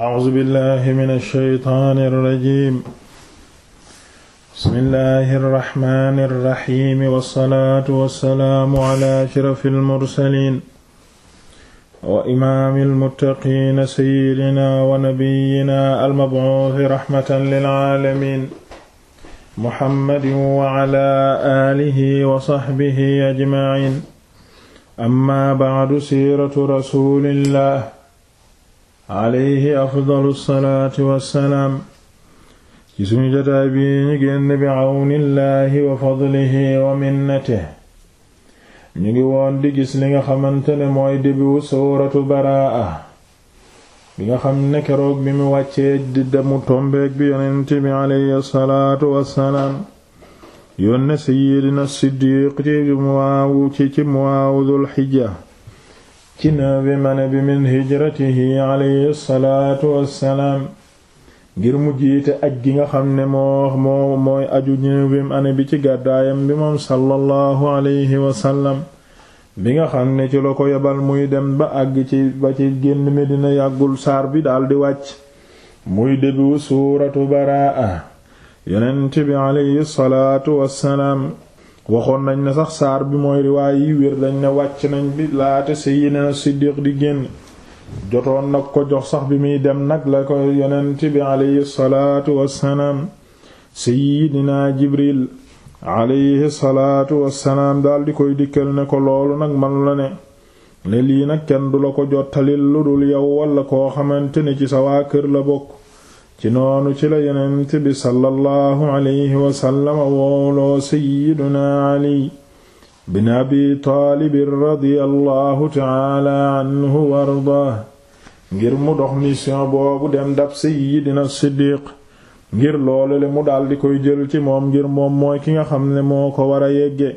أعوذ بالله من الشيطان الرجيم بسم الله الرحمن الرحيم والصلاة والسلام على أشرف المرسلين وإمام المتقين سيدنا ونبينا المبعوث رحمة للعالمين محمد وعلى آله وصحبه أجمعين أما بعد سيرة رسول الله alayhi afdalu salaati wassalaam ci suñu jotaay bi ñu génn bi àwnillaahi wa fadlihi wa minnatihi ñu ngi woon di li nga xamante mooy débiwu suuratu baraa bi nga xam ne keroog bi mu wàccee di demu tombeek bi yonent bi alayhi salaatu wassalaam yónne sayyidina siddiiq ci ci ci muwaawu dul xijja ci neuvième année bi min hijratihi alayhi salaatu wassalaam ngir mu jiite aj gi nga xam ne moo mooy aju neuvième année bi ci gàddaayam bi moom sallallahu alayhi wasallam bi nga xam ne ci la ko yebal muy dem ba àgg ci ba ci génn Medina yàggul saar bi daldi wàcc muy débu suuratu baraa yonent bi alayhi salaatu wassalaam waxoon nañ ne sax saar bi mooy riwaay yi wér dañ ne wàcc nañ bi laata Seydina Siddiq di génn jotoon nag ko jox sax bi muy dem nag la ko yonent bi aleyhi salaatu wassalaam Seydina Jibril aleyhi salaatu wassalaam daal di koy dikkal ne ko loolu nag man la ne ne lii nag kenn du la ko jottalil lu dul yow walla koo xamante ne ci sa waa kër la bokk ci noonu ci la yonent bi sallallahu alayhi wasallam wooloo sayyiduna ali bin abi taalibin radiyallahu taala anhu wa ardaah ngir mu dox mission boobu dem dab sayyidina siddiq ngir loolu mu daldi koy jël ci moom ngir moom mooy ki nga xam ne moo ko war a yegge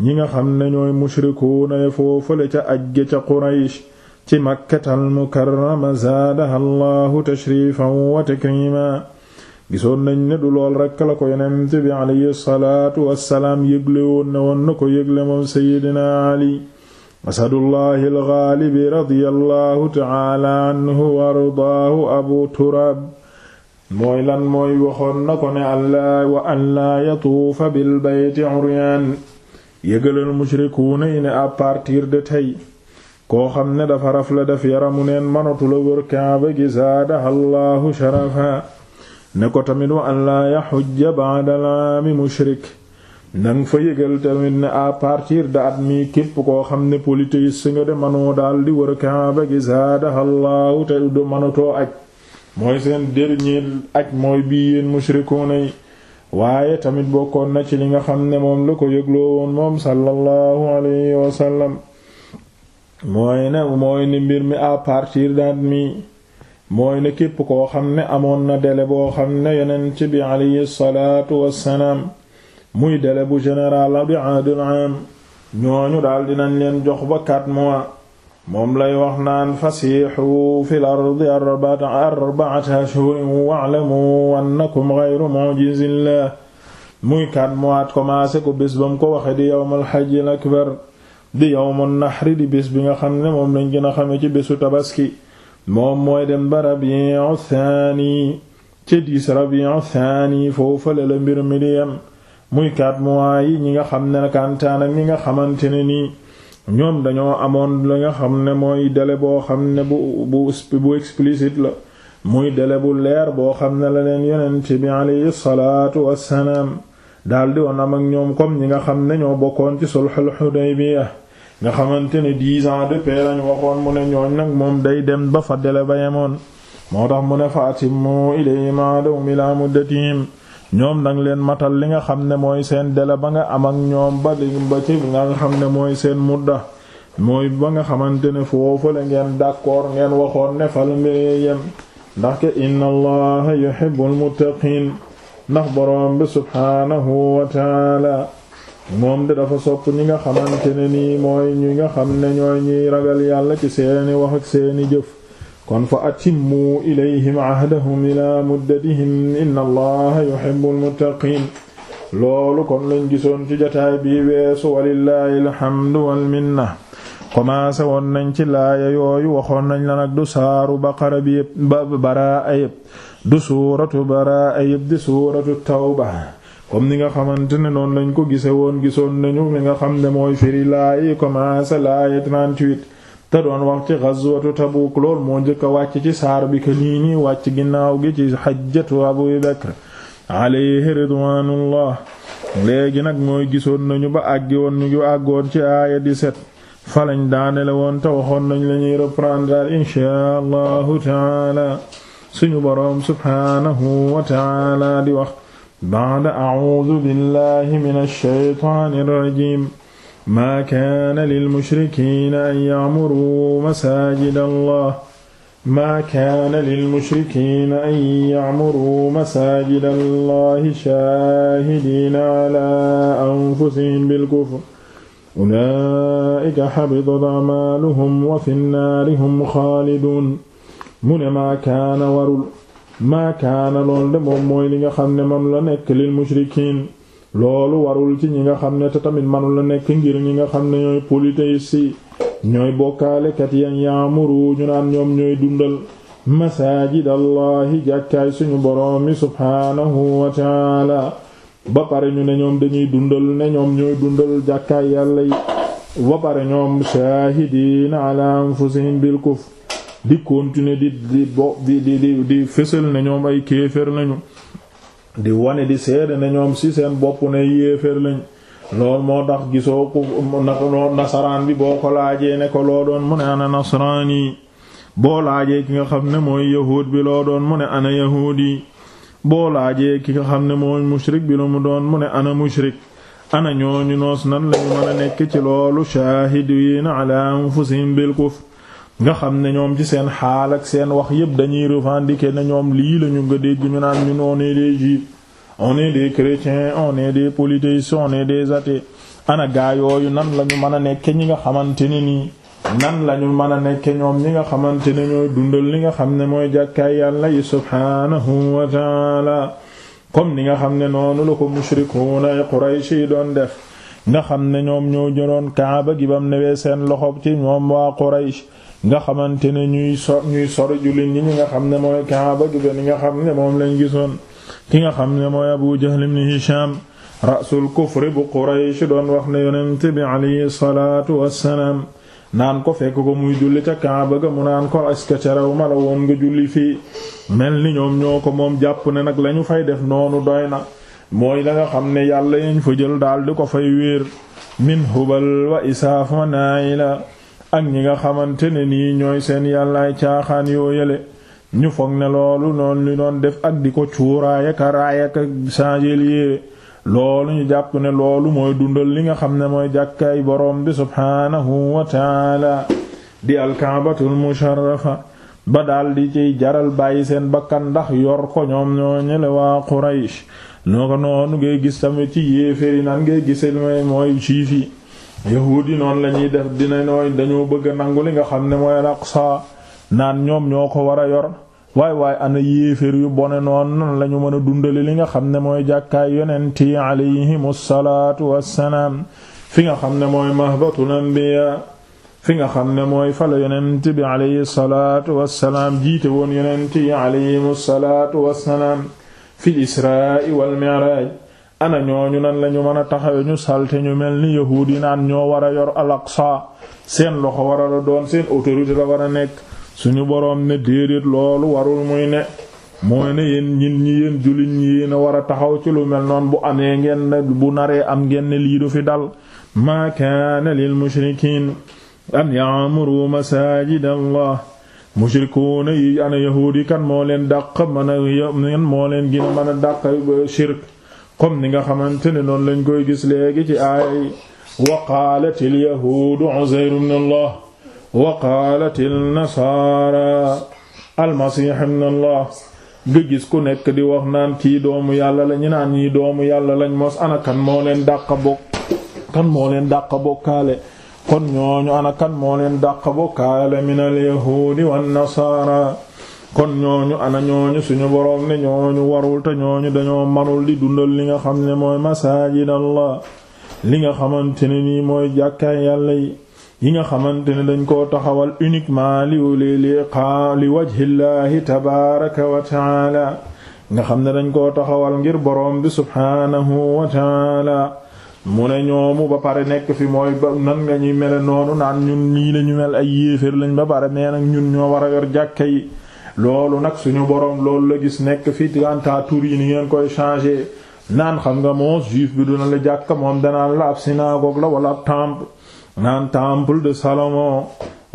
ñi nga xam ne ñooy mushrikuuna ya foofale ca ajje ca quraysh ci makkatal mukarrama zaadaha allahu tashrifan wa takrima gisoon nañ ne du lool rekk la ko yonent bi alayhi salaatu wassalaam yëgle woon na woon na ko yëgle moom seydina ali asadullahi algaalibi radiyallahu taala anhu wa abu turaab mooy lan mooy waxoon na ko ne allah wa an laa yatuufa bil bayti uryaan yëgalal mushrikuuna yi partir de tey koo xam ne dafa rafle def yaramu neen manatu la wër kaaba gi zaadaha allahu sharafa ne ko tamit wa an laa yaxujja ba'dal aami mushrik nang fa yëgal tamit ne à partir de at mi képp koo xam ne polythéiste su nga de manoo daal di wër kaaba gi zaadaha allahu te du manatoo ak mooy seen dernier ak mooy bii yéen mushrikuuna yi waaye tamit bokkoon na ci li nga xam ne moom la ko yëgloo woon moom sallallahu alayhi wasallam mooy ne mooy mbir mi à partir daat mi mooy ne képp koo xam ne amoon na délai boo xam ne yonent bi alayhi salaatu wassalaam muy délai bu général bi aadul am ñooñu daal dinañ leen jox ba quatre mois moom lay wax naan fasiixu fil ardi arba'ata ashhurin wa'lamu annakum ghayru mu'jizillah muy quatre mois commencé ko bés bam ko waxe di yawmal hajjil di yawmun nahri di bés bi nga xam ne moom lañ gën a xame ci bésu tabaski moom mooy dem ba rabiu thani ci diis rabiu thani foofale la mbir mi di yem muy quatre mois yi ñi nga xam ne kantaan ak ñi nga xamante ne nii ñoom dañoo amoon la nga xam ne mooy délai boo xam ne bu bu bu explicite la muy délai bu leer boo xam ne la leen yonent bi alayhi salaatu wassalaam daldi woon am ak ñoom comme ñi nga xam ne ñoo bokkoon ci sulhul Hudaybiya nga xamante ne dix ans de paix lañ waxoon mu ne ñooñ nag moom day dem ba fa dele ba yemoon moo tax mu ne fa atimmu ilayhim aadahum ilaa muddatihim ñoom nag leen matal li nga xam ne mooy seen dele ba nga am ak ñoom ba li ba ci nga xam ne mooy seen mudda mooy ba nga xamante ne foofu la ngeen d'accord ngeen waxoon ne fal yem ndax ke inna allaha yuhibbul muttaqin ndax boroom bi subhaanahu wa taala moom de dafa sopp ñi nga xamante ne nii mooy ñi nga xam ne ñooy ñiy ragal yàlla ci seeni wax ak seeni jëf kon fa atimmu ilayhim ahdahum ila muddatihim inna allaha yuhibbul muttaqiin loolu kon lañ gisoon ci jotaay bii weesu walillahi alhamdu wal minna commencé woon nañ ci laaya yooyu waxoon nañ la nag du saaru baqara bi yépp ba baraa yépp du suuratu baraa ayib di suuratu tawba comme ni nga xamante ne noonu lañ ko gise woon gisoon nañu mi nga xam ne mooy firi laayi commencé laayi 38 te doon wax ci ghazwatu Tabuk lool moo njëkk a wàcc ci saar bi que nii nii wàcc ginnaaw gi ci hajjatu Abu Bakr alayhi ridwaanullah léegi nag mooy gisoon nañu ba àggi woon ñu ngi àggoon ci aaya 17 falañ daane la woon te waxoon nañ la ñuy reprendre allahu taala suñu boroom subhaanahu wa ta'ala di wax ba'da a'uudu billahi minash shaytaanir rajiim maa kaana lil mushrikiina an ya'muruu masaajida allah maa kaana lil mushrikiina an ya'muruu masaajida allahi shaahidiina alaa anfusihim bil kufr ulaa'ika habitat a'maaluhum wa fin naari hum xaaliduun mu ne maa kaana warul maa kaana lool de moom mooy li nga xam ne manu la nekk lil mushrikiin loolu warul ci ñi nga xam ne te tamit manu la nekk ngir ñi nga xam ne ñooy polythéistes yi ñooy bokkaalekat yan yaamuru ñu naan ñoom ñooy dundal masaajidallahi jàkkaay suñu boroom mi subhaanahu wa taala ba pare ñu ne ñoom dañuy dundal ne ñoom ñooy dundal jàkkaay yàlla yi ba pare ñoom shaahidiina ala anfusihim bil kufr di continuer di di bo di di di di fësal ne ñoom ay kéefër lañu di wane di seede ne ñoom ci seen bopp na yéefër lañ loolu moo tax gisoo ko nasaraan bi boo ko laajee ne ko loo doon mu ne ana nasaraan yi boo laajee ki nga xam ne mooy yahuud bi loo doon mu ne ana yahuud yi boo laajee ki nga xam ne mooy mushrik bi lu mu doon mu ne ana mushrik ana ñooñu noos nan lañu mën a nekk ci loolu shaahidiina ala anfusihim bil kufr nga xam ne ñoom ci seen xaal ak seen wax yépp dañuy revendiquer na ñoom lii lañu nga dégg ñu naan ñun on est des juifs on est des chrétiens on est des polythéistes on des athées ana yooyu nan la ñu mën a nekke ñi nga xamante ne nii nan la ñu mën a nekke ñoom ñi nga xamante ne ñooy dundal li nga xam ne mooy jàkkaay yàlla yi subhaanahu wa taala comme ni nga xam ne noonu la ko mushrikuuna ay Quraysh yi doon def nga xam ne ñoom ñoo jëloon kaaba gi bam newee seen loxo ci ñoom waa Quraysh nga xamante ne ñuy so ñuy sori jullit ñi ñi nga xam ne mooy Kaaba gi ba ni nga xam ne moom lañ gisoon ki nga xam ne mooy Abu Jahl ibn Hisham rasul kufri bu Quraysh doon wax ne yonent bi alayhi salaatu wassalaam naan ko fekk ko muy julli ca Kaaba ga mu naan ko est-ce que ma la woon nga julli fii mel ni ñoom ñoo ko moom jàpp ne nag lañu fay def noonu doy na mooy la xam ne yàlla yañ fa jël daal di ko fay wéer min Hubal wa Isaaf wa Naa'ila ak ñi nga xamante ne nii ñooy seen yàllaay caaxaan yoo yële ñu foog ne loolu noonu li doon def ak di ko cuuraay ak raay ak changer yére loolu ñu jàpp ne loolu mooy dundal li nga xam ne mooy jàkkaay boroom bi subhaanahu wa taala di alkaabatul musharrafa ba daldi ci jaral bàyyi seen bakkan ndax yor ko ñoom ñoo ñele waa Quraysh noo ko noonu ngay gis tamit ci yéeféri nan ngay gisel mooy juif yi yahuud yi noonu la ñuy def dina nooy dañoo bëgg a nangu li nga xam ne mooy al-Aqsa naan ñoom ñoo ko war a yor waay waay ana yéeféer yu bone noon nan lañu mën a dundali li nga xam ne mooy jàkkaay yonent yi alayhimu salaatu wassalaam fi nga xam ne mooy mahbatul anbiya fi nga xam ne mooy fala yonent bi alayhi salaatu wassalaam jiite woon yonent yi alayhimu salaatu wassalaam fil israa wal mi'raaj ana ñu nan lañu mën a taxawe ñu salte ñu mel ni yahuud yi naan ñoo war a yor al-Aqsa seen loxo war a doon seen autorité la war a nekk suñu boroom ne déedéet loolu warul muy ne mooy ne yéen ñin ñi yéen jullit ñi a war a taxaw ci lu mel noon bu amee ngeen bu naree am ngeen lii du fi dal maa kaana lil mushrikiin an ya'muru masaajida Allah mushrikuuna yi ana yahuud kan moo leen dàq mën a moo leen gën a mën a dàq shirk comme ni nga xamante ne noonu lañ koy gis léegi ci aaya wa qaalat al yahuudu uzayr allah wa qaalat al nasaara almasih allah nga gis ku nekk di wax naan kii doomu yàlla la ñu naan ñii doomu yàlla lañ mos ana kan moo leen dàq bokkaale kon ñooñu ana kan moo leen dàq bokkaale min al yahuudi wan kon ñooñu ana ñooñu suñu boroom ne ñooñu warul te ñooñu dañoo manul di dundal li nga xam ne mooy masaajid Allah li nga xamante ne nii mooy jàkkaay yàlla yi yi nga xamante ne dañ koo taxawal uniquement li liqa li wajhillaahi tabaaraka wa nga xam ne dañ ko taxawal ngir boroom bi subhaanahu wa taala mu ne ñoomu ba pare nekk fi mooy ba nan nga ñuy mele noonu naan ñun nii lañu mel ay yéeféer lañ ba pare nee nag ñun ñoo war a yor jàkka yi loolu nag suñu borom loolu la gis nekk fi gantaa tur yi ni ngeen koy changer naan xam nga moom juif bi du na la jàkka moom danaan la ab synagogue la wala ab temple naan temple de Salomon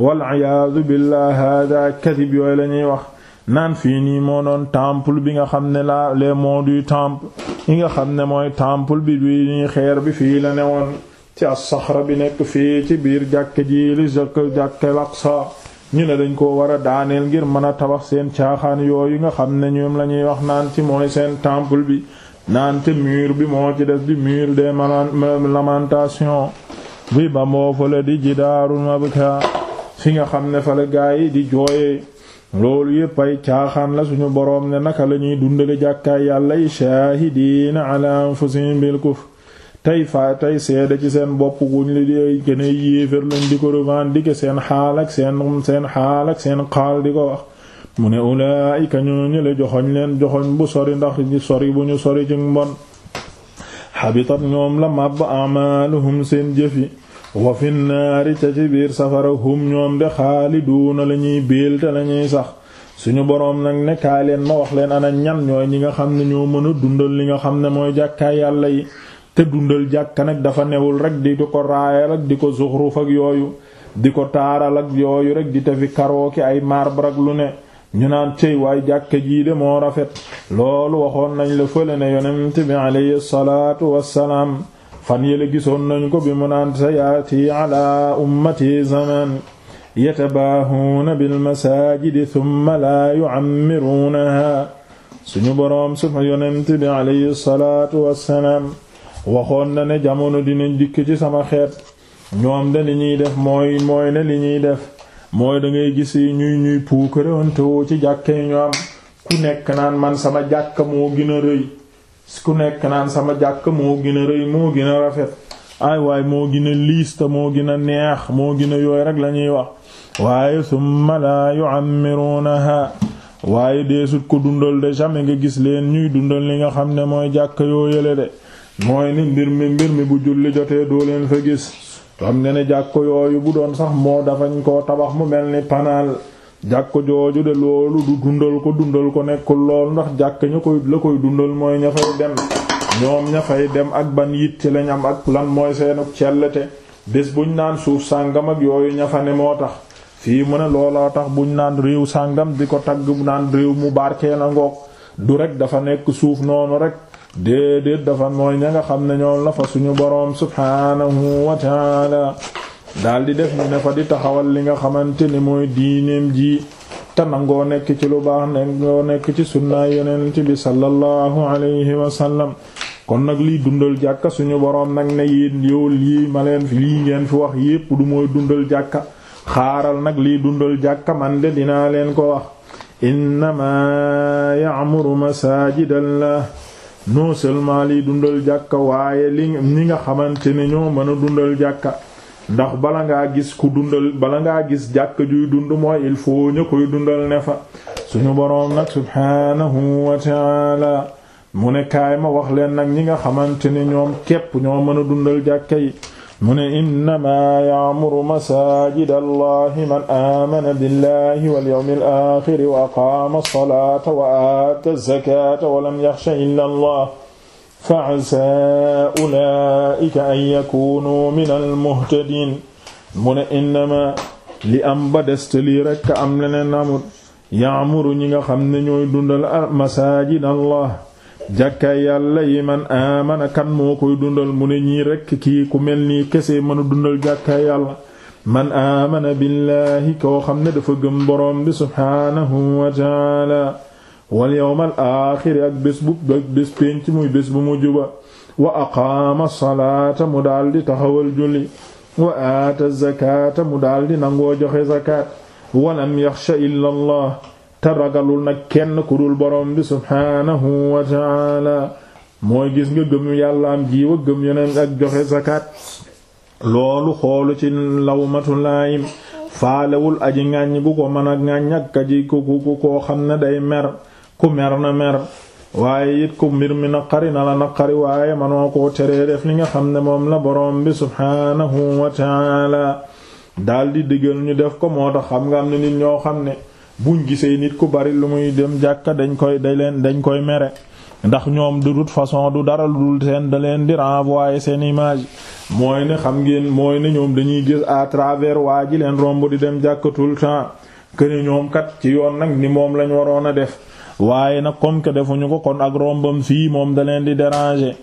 waliyasu billah hada kadib yooyu la ñuy wax naan fii nii moo doon temple bi nga xam ne la les monts du temple yi nga xam ne mooy temple bi bi nii xeer bi fii la newoon ci a saxra bi nekk fii ci biir jàkke ji li jàkke jàkke al ñu ne dañ koo war a daaneel ngir mën a tabax seen caaxaan yooyu nga xam ne ñoom la ñuy wax naan ci mooy seen temple bi naan te mur bi moo ci des di mur des lamentations bi ba la di jidaaru mabka fi nga xam ne fa la gaa yi di jooye loolu yépp ay caaxaan la suñu boroom ne naka la ñuy dundale jàkkaay yàlla yi shaahidiina ala anfusihim bil kufr tey fa tey seede ci seen bopp guñ li di gëne yéefér lañ di ko revendiquer seen xaal seen seen xaal ak seen xaal di ko wax mu ne ulaa'ika ñoo la le joxoñ leen joxoñ bu sori ndax ñi sori bu ñu sori ci mbon xabitat ñoom la màbb amaaluhum seen jëfi wa fi naari ca ci biir safara hum ñoom de xaaliduuna la ñuy biil te la ñuy sax suñu boroom nag ne leen ma wax leen ana ñan ñooy ñi nga xam ne ñoo mën a dundal li nga xam ne mooy jàkkaay yàlla yi te dundal jàkka nag dafa newul rek di ko raayal di ko zuxruf yooyu di ko taaral yooyu rek di tafi karooki ay marbre ak lu ne ñu naan cey waay jàkka jii de moo rafet loolu waxoon nañ la fële ne yonent bi alayhi salaatu wassalaam fan yële gisoon nañ ko bi mu naan sa yaati ala ummati zaman yatabaahuuna bilmasaajidi thumma laa yucammiruunaha suñu boroom su yonent bi alayhi salaatu wassalaam waxoon na ne jamono dinañ dikk ci sama xeet ñoom de li ñuy def mooy mooy ne li ñuy def mooy da ngay gis ñuy ñuy puukarewante woo ci jàkka yi ñu am ku nekk naan man sama jàkk moo gën a rëy ku nekk naan sama jàkka moo gën a rëy moo a rafet ay waay moo gën a liis te moo gën a neex moo gën a yooy rek lañuy wax waaye summa la yu'ammirunaha waaye deesut ko dundal de jamais nga gis leen ñuy dundal li nga xam ne mooy jàkka yoo de mooy ni mbir mi mbir mi bu julli jotee doo leen fa gis xam nga ne jàkko yooyu bu doon sax moo dafa ñu ko tabax mu mel ni panaal jàkko jooju de loolu du dundal ko dundal ko nekkul lool ndax jàkk ña koy la koy dundal mooy ña fay dem ñoom ña fay dem ak ban yit ci lañ am ak lan mooy seenu cellete bés buñ naan suuf sàngam ak yooyu ña fa ne moo tax fii mu ne looloo tax buñ naan réew sàngam bi ko tagg naan réew mu barkee na ngoog du rek dafa nekk suuf noonu rek déedéet dafa mooy ña nga xam ne ñoom la fa suñu boroom subhaanahu wa taala di def ñu ne fa di taxawal li nga xamante ni mooy diineem ji te nangoo nekk ci lu baax nangoo nekk ci sunna yonent bi sallallahu alayhi wa sallam kon nag lii dundal jàkka suñu boroom nag ne yéen yow lii ma leen lii ngeen fi wax yépp du mooy dundal jàkka xaaral nag liy dundal jàkka man de dinaa leen ko wax innama ya'muru la non seulement liy dundal jàkka waaye li ñi nga xamante ne ñoo mën a dundal jàkka ndax bala ngaa gis ku dundal bala ngaa gis jàkka juy dund mooy il faut ñu koy dundal ne fa suñu boroom nag subhaanahu wa ta'ala mu ne ma wax leen nag ñi nga xamante ne ñoom képp ñoo mën a dundal jàkka yi mu ne innama ya'muru masajida allahi man amana billahi wal yawmil akhir wa aqama as-salata wa ata az-zakata wa lam yakhsha illa allah fa'asa ulaika an yakunu min al-muhtadin mu ne innama li am ba deste lii rekk am leneen amut ya'muru ñi nga xam ne ñooy dundal masajid allah jàkkaay yàlla yi man amana kan moo koy dundal mu ne ñii rekk kii ku mel nii kese mën a dundal jàkkaay yàlla man amana billaahi koo xam ne dafa gëm borom bi subhaanahu wa taala wal yawmal aaxiri ak bés bu ak bés muy bés bu mu juba wa aqaama salaata mu daldi taxawal julli wa aata zakaata mu daldi nangoo joxe zakaat walam yaxsha illa allah te ragalul nag kenn ku dul borom bi subhaanahu wa taala mooy gis nga gëm yàlla am jiiwa gëm yeneen ak joxe zakat loolu xoolu ci lawmatu laayim faalewul aji ŋàññ gu ko mën a ŋàññ ak aji ku ku xam ne day mer ku mer na mer waaye it ku mbir mi naqari na la naqari waaye manoo teree def li nga xam ne moom la borom bi subhaanahu wa daldi digal ñu def ko moo tax xam nga am ne nit ñoo xam ne buñ gisee nit ku bari lu muy dem jàkka dañ koy dañ leen dañ koy mere ndax ñoom de toute façon du dara lu seen da leen di renvoyer seen image mooy ne xam ngeen mooy ne ñoom dañuy gis à travers waa ji leen romb di dem jàkkatul tout le temps que ñoom kat ci yoon nag ni moom lañu waroon a def waaye nag comme que defuñu ko kon ak rombam fii moom da leen di déranger.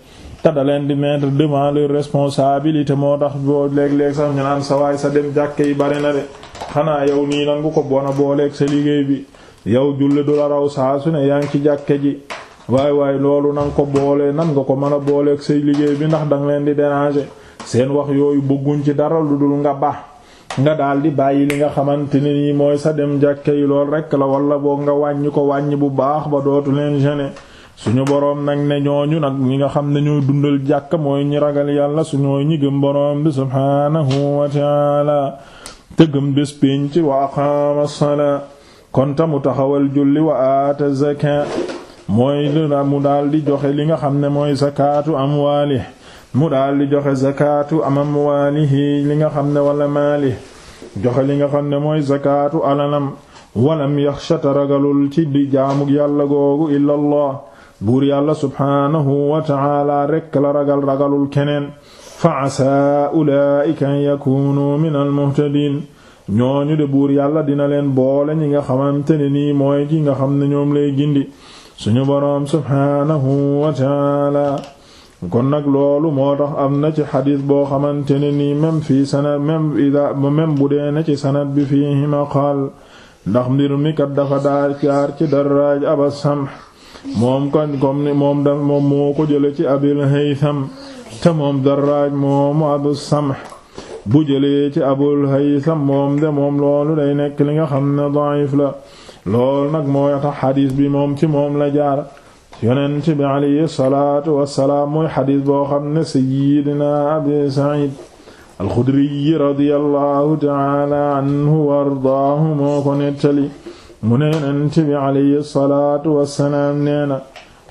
te da leen di maitre devant responsabilité moo tax boo léeg-léeg sax ñu sa waay sa dem jàkke yi bari na de xanaa yow nii nan nga ko bon a booleeg sa liggéey bi yow julli du la raw saa su yaa ngi ci jàkke ji waay waay loolu nan ko boolee nan nga ko mën a booleeg say liggéey bi ndax danga leen di déranger seen wax yooyu bëgguñ ci dara lu dul nga ba nga daal di bàyyi li nga xamante ne mooy sa dem jàkke yi lool rekk la walla boog nga wàññi ko wàññi bu baax ba dootu leen gêner suñu boroom nag ne ñooñu nag ñi nga xam ne ñooy dundal jàkk mooy ñi ragal yàlla suñooy ñi gëm boroom bi subhaanahu wa taala te gëm bés pénc wa mu taxawal julli wa aata zaka mooy mu daal di joxe li nga xam ne mooy zakaatu amwaalih mu daal di joxe zakaatu amwaalihi li nga xam ne wala maalih joxe li nga xam ne mooy zakaatu alalam walam yaxsha ragalul ci di jaamu yàlla googu illa buur yàlla subhaanahu wa taala rekk la ragal ragalul keneen fa asaa ulaa'ika an yakuunu min almuhtadiin ñooñu de buur yàlla dina leen boole ñi nga xamante ne nii mooy ki nga xam ne ñoom lay gindi suñu boroom subhaanahu wa taala kon nag loolu moo tax am na ci xadiis boo xamante ne nii même fii sanad même ida même bu dee na ci sanad bi fiihima qaal ndax mbir mi kat dafa daar jaar ci daraaj aba sam moom kan comme moom daf moom moo ko jële ci abil haytham te moom darraaj moomu abu samh bu jëlee ci abul haytham moom de moom loolu day nekk li nga xam ne da'if la loolu nag mooy tax xadiis bi moom ci moom la jaar yonent bi alayhi salaatu wassalaam mooy xadiis boo xam ne sayyidina abi sa'id alxudriyi radiyallahu ta'ala anhu wa ardaahu moo ko nettali mu ne yonent bi alayhi salaatu wassalaam nee na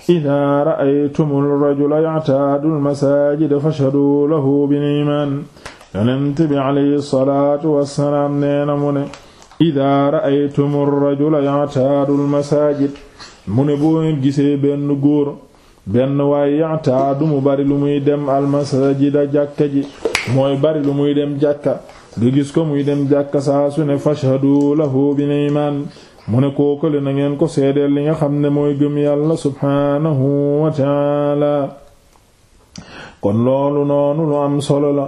idaa ra'aytumul rajula ya'taadul masaajida fashhaduu lahu bil iimaan yonent bi alayhi salaatu wassalaam nee na mu ne idaa ra'aytumur rajula ya'taadul masaajid mu ne boo ngeen gisee benn góor benn waay ya'taadu mu bari lu muy dem almasaajida jàkka ji mooy bari lu muy dem jàkka nga gis ko muy dem jàkka saa su ne fashhaduu lahu bil iimaan mu ne kookale na ngeen ko seedeel li nga xam ne mooy gëm yàlla subhaanahu wa taala kon loolu noonu lu am solo la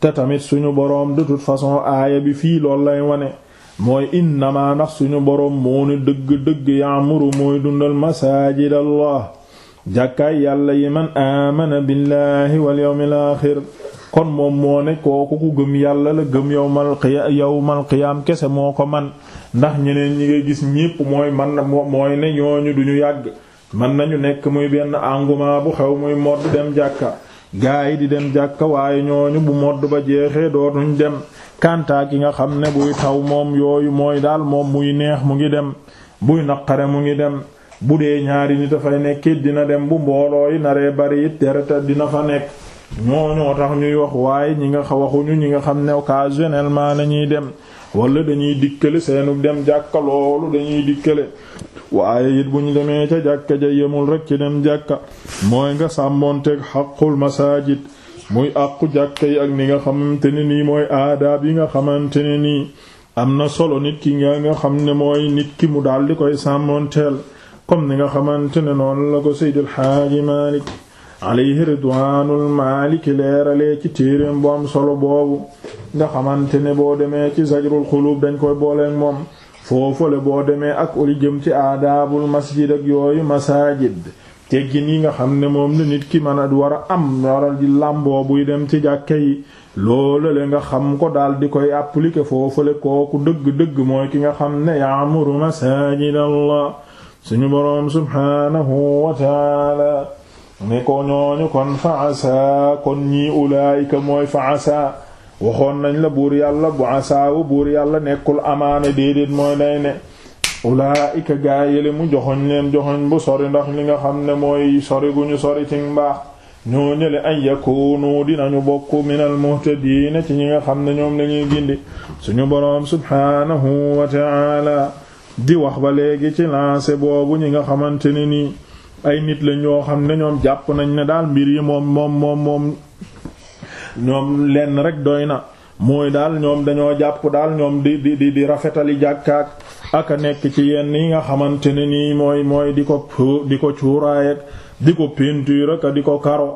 te tamit suñu boroom de toute façon aaya bi fii loolu lay wane mooy innama ndax suñu boroom moo ne dëgg-dëgg yaamuru mooy dundal masaajid allah jàkkaay yàlla yi man aamana billahi wal yawmil kon moom moo ne kooku ku gëm yàlla la gëm yawmal qiyaam qiyaam kese moo ko man ndax ñeneen ñi ngay gis ñépp mooy man mooy ne ñooñu duñu yàgg man nañu nekk muy benn engouement bu xew muy modd dem jàkka gaa yi di dem jàkka waaye ñooñu bu modd ba jeexee dootuñ dem kantaa ki nga xam ne buy taw moom yooyu mooy daal moom muy neex mu ngi dem buy naqare mu ngi dem bu dee ñaari nit dafay nekk dina dem bu mbooloo yi naree bari it tereta dina fa nekk ñooñoo tax ñuy wax waaye ñi nga waxuñu ñi nga xam ne occasionnellement la ñuy dem wala dañuy dikkale seenu dem jàkka loolu dañuy dikkale waaye it bu ñu demee ca jàkka ja yemul rek ci dem jàkka mooy nga sàmmoonteeg xaqul masaajid muy akku jàkka yi ak ni nga xamante ne nii mooy aadaab yi nga xamante ne nii am na solo nit ki nga nga xam ne mooy nit ki mu daal di koy sàmmoonteel comme ni nga xamante ne noonu la ko Seydil Haaji Maalik alayhi ridwaanul Maalik leeralee ci téereem bu am solo boobu nga xamante ne boo demee ci zajrul xuluub dañ koy booleen moom foofale boo demee ak uli jëm ci aadaabul masjid ak yooyu masaajid teggin yi nga xam ne moom la nit ki mën a war a am waral di làmboo buy dem ci jàkke yi loolu le nga xam ko daal di koy appliquer foofale kooku dëgg-dëgg mooy ki nga xam ne yaamuru masaajid allah suñu boroom subhaanahu wa taala ne ko ñooñu kon fa asaa kon ñii ulaayika mooy fa asaa waxoon nañ la buur yàlla bu asaawu buur yàlla nekkul amaana déedéet mooy day ne ulaa'ika gaa yële mu joxoñ leen joxoñ bu sori ndax li nga xam ne mooy sori gu ñu sori ci mbaax ñoo ñële ay yakunu dinañu bokk minal muhtadiina ci ñi nga xam ne ñoom lañuy gindi suñu boroom subhaanahu wa ta'ala di wax ba léegi ci lancé boobu ñi nga xamante ne nii ay nit lañ ñoo xam ne ñoom jàpp nañ ne daal mbir yi moom moom moom moom ñoom lenn rek doy na mooy daal ñoom dañoo jàpp daal ñoom di di di di rafetali jàkkaak ak a nekk ci yenn yi nga xamante ne nii mooy mooy di ko di ko cuuraay di ko peinture ak di ko karo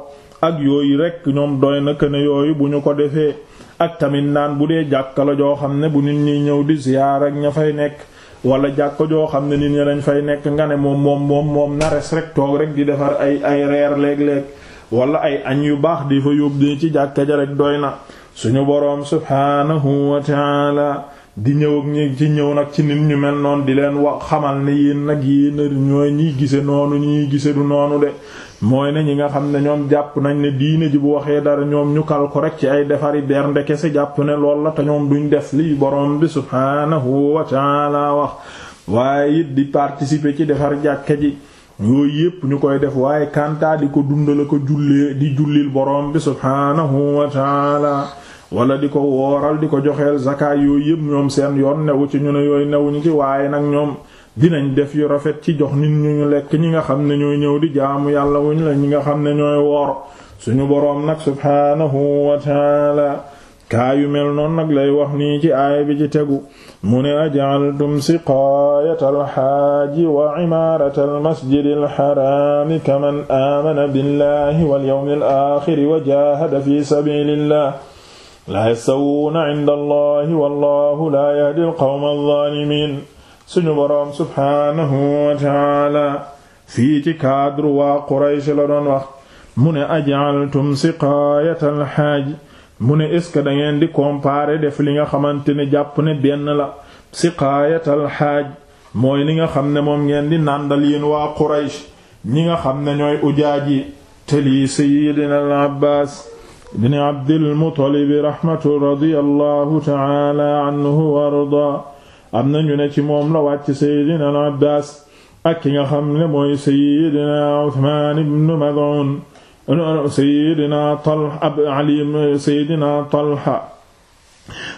ak yooyu rek ñoom doy na que ne yooyu bu ñu ko defee ak tamit naan bu dee jàkka joo xam ne bu nit ñi ñëw di ziyaar ak ña fay nekk wala jàkka joo xam ne nit ñi lañ fay nekk nga ne moom moom moom moom na res rek toog rek di defar ay ay reer leeg léeg wala ay añ yu baax di fa yóbbu ci jàkka ja rek doy na suñu boroom subhaanahu wa taala di ñëw ak ñi ci ñëw nag ci nit ñu mel noonu di leen wax xamal ne yéen nag yéen ñooy ñiy gise noonu ñiy gise du noonu de mooy ne ñi nga xam ne ñoom jàpp nañ ne diine ji bu waxee dara ñoom ñu kal ko rek ci ay defar defari bernde kese jàpp ne lool la te ñoom duñ def li boroom bi subhaanahu wa taala wax waaye it di participer ci defar jàkka ji yooyu yépp ñu koy def waaye kàntaa di ko dundal ko jullee di jullil boroom bi subhaanahu wa taala wala di ko wooral di ko joxeel zakat yooyu yépp ñoom seen yoon newu ci ñu ne yooyu newuñu ci waaye nag ñoom dinañ def yu rafet ci jox nit ñu ñu lekk ñi nga xam ne ñooy ñëw di jaamu yàlla wuñ la ñi nga xam ne ñooy woor suñu boroom nag subhaanahu wa kaayu mel noonu nag lay wax nii ci aaya bi ci tegu mu ne aj'altum siqaayata alxaaji wa imaarata almasjidi alxaraami kaman aamana billahi walyawmi alaaxiri wa jaahada fi sabilillah laa yastawuuna inda allahi wallahu laa yahdi alqawma alzaalimiin suñu boroom subhaanahu wa taala fii ci cadre waa Quraysh la doon wax mu ne aj'altum siqaayata alxaaji mu ne est-ce que da ngeen di comparer def li nga xamante ne jàpp ne benn la siqaayatal xaaj mooy li nga xam ne moom ngeen di nàndal yéen waa Quraysh ñi nga xam ne ñooy ujaaj yi te lii sayyidina al-Abbaas ibn Abdil Muttalib rahmatu radiyallahu ta'ala anhu wa ardaa am na ñu ne ci moom la wàcc sayyidina al-Abbaas ak nga xam ne mooy sayyidina Usmaan ibn Mad'un Seydina Talha ab Ali Seydina Talha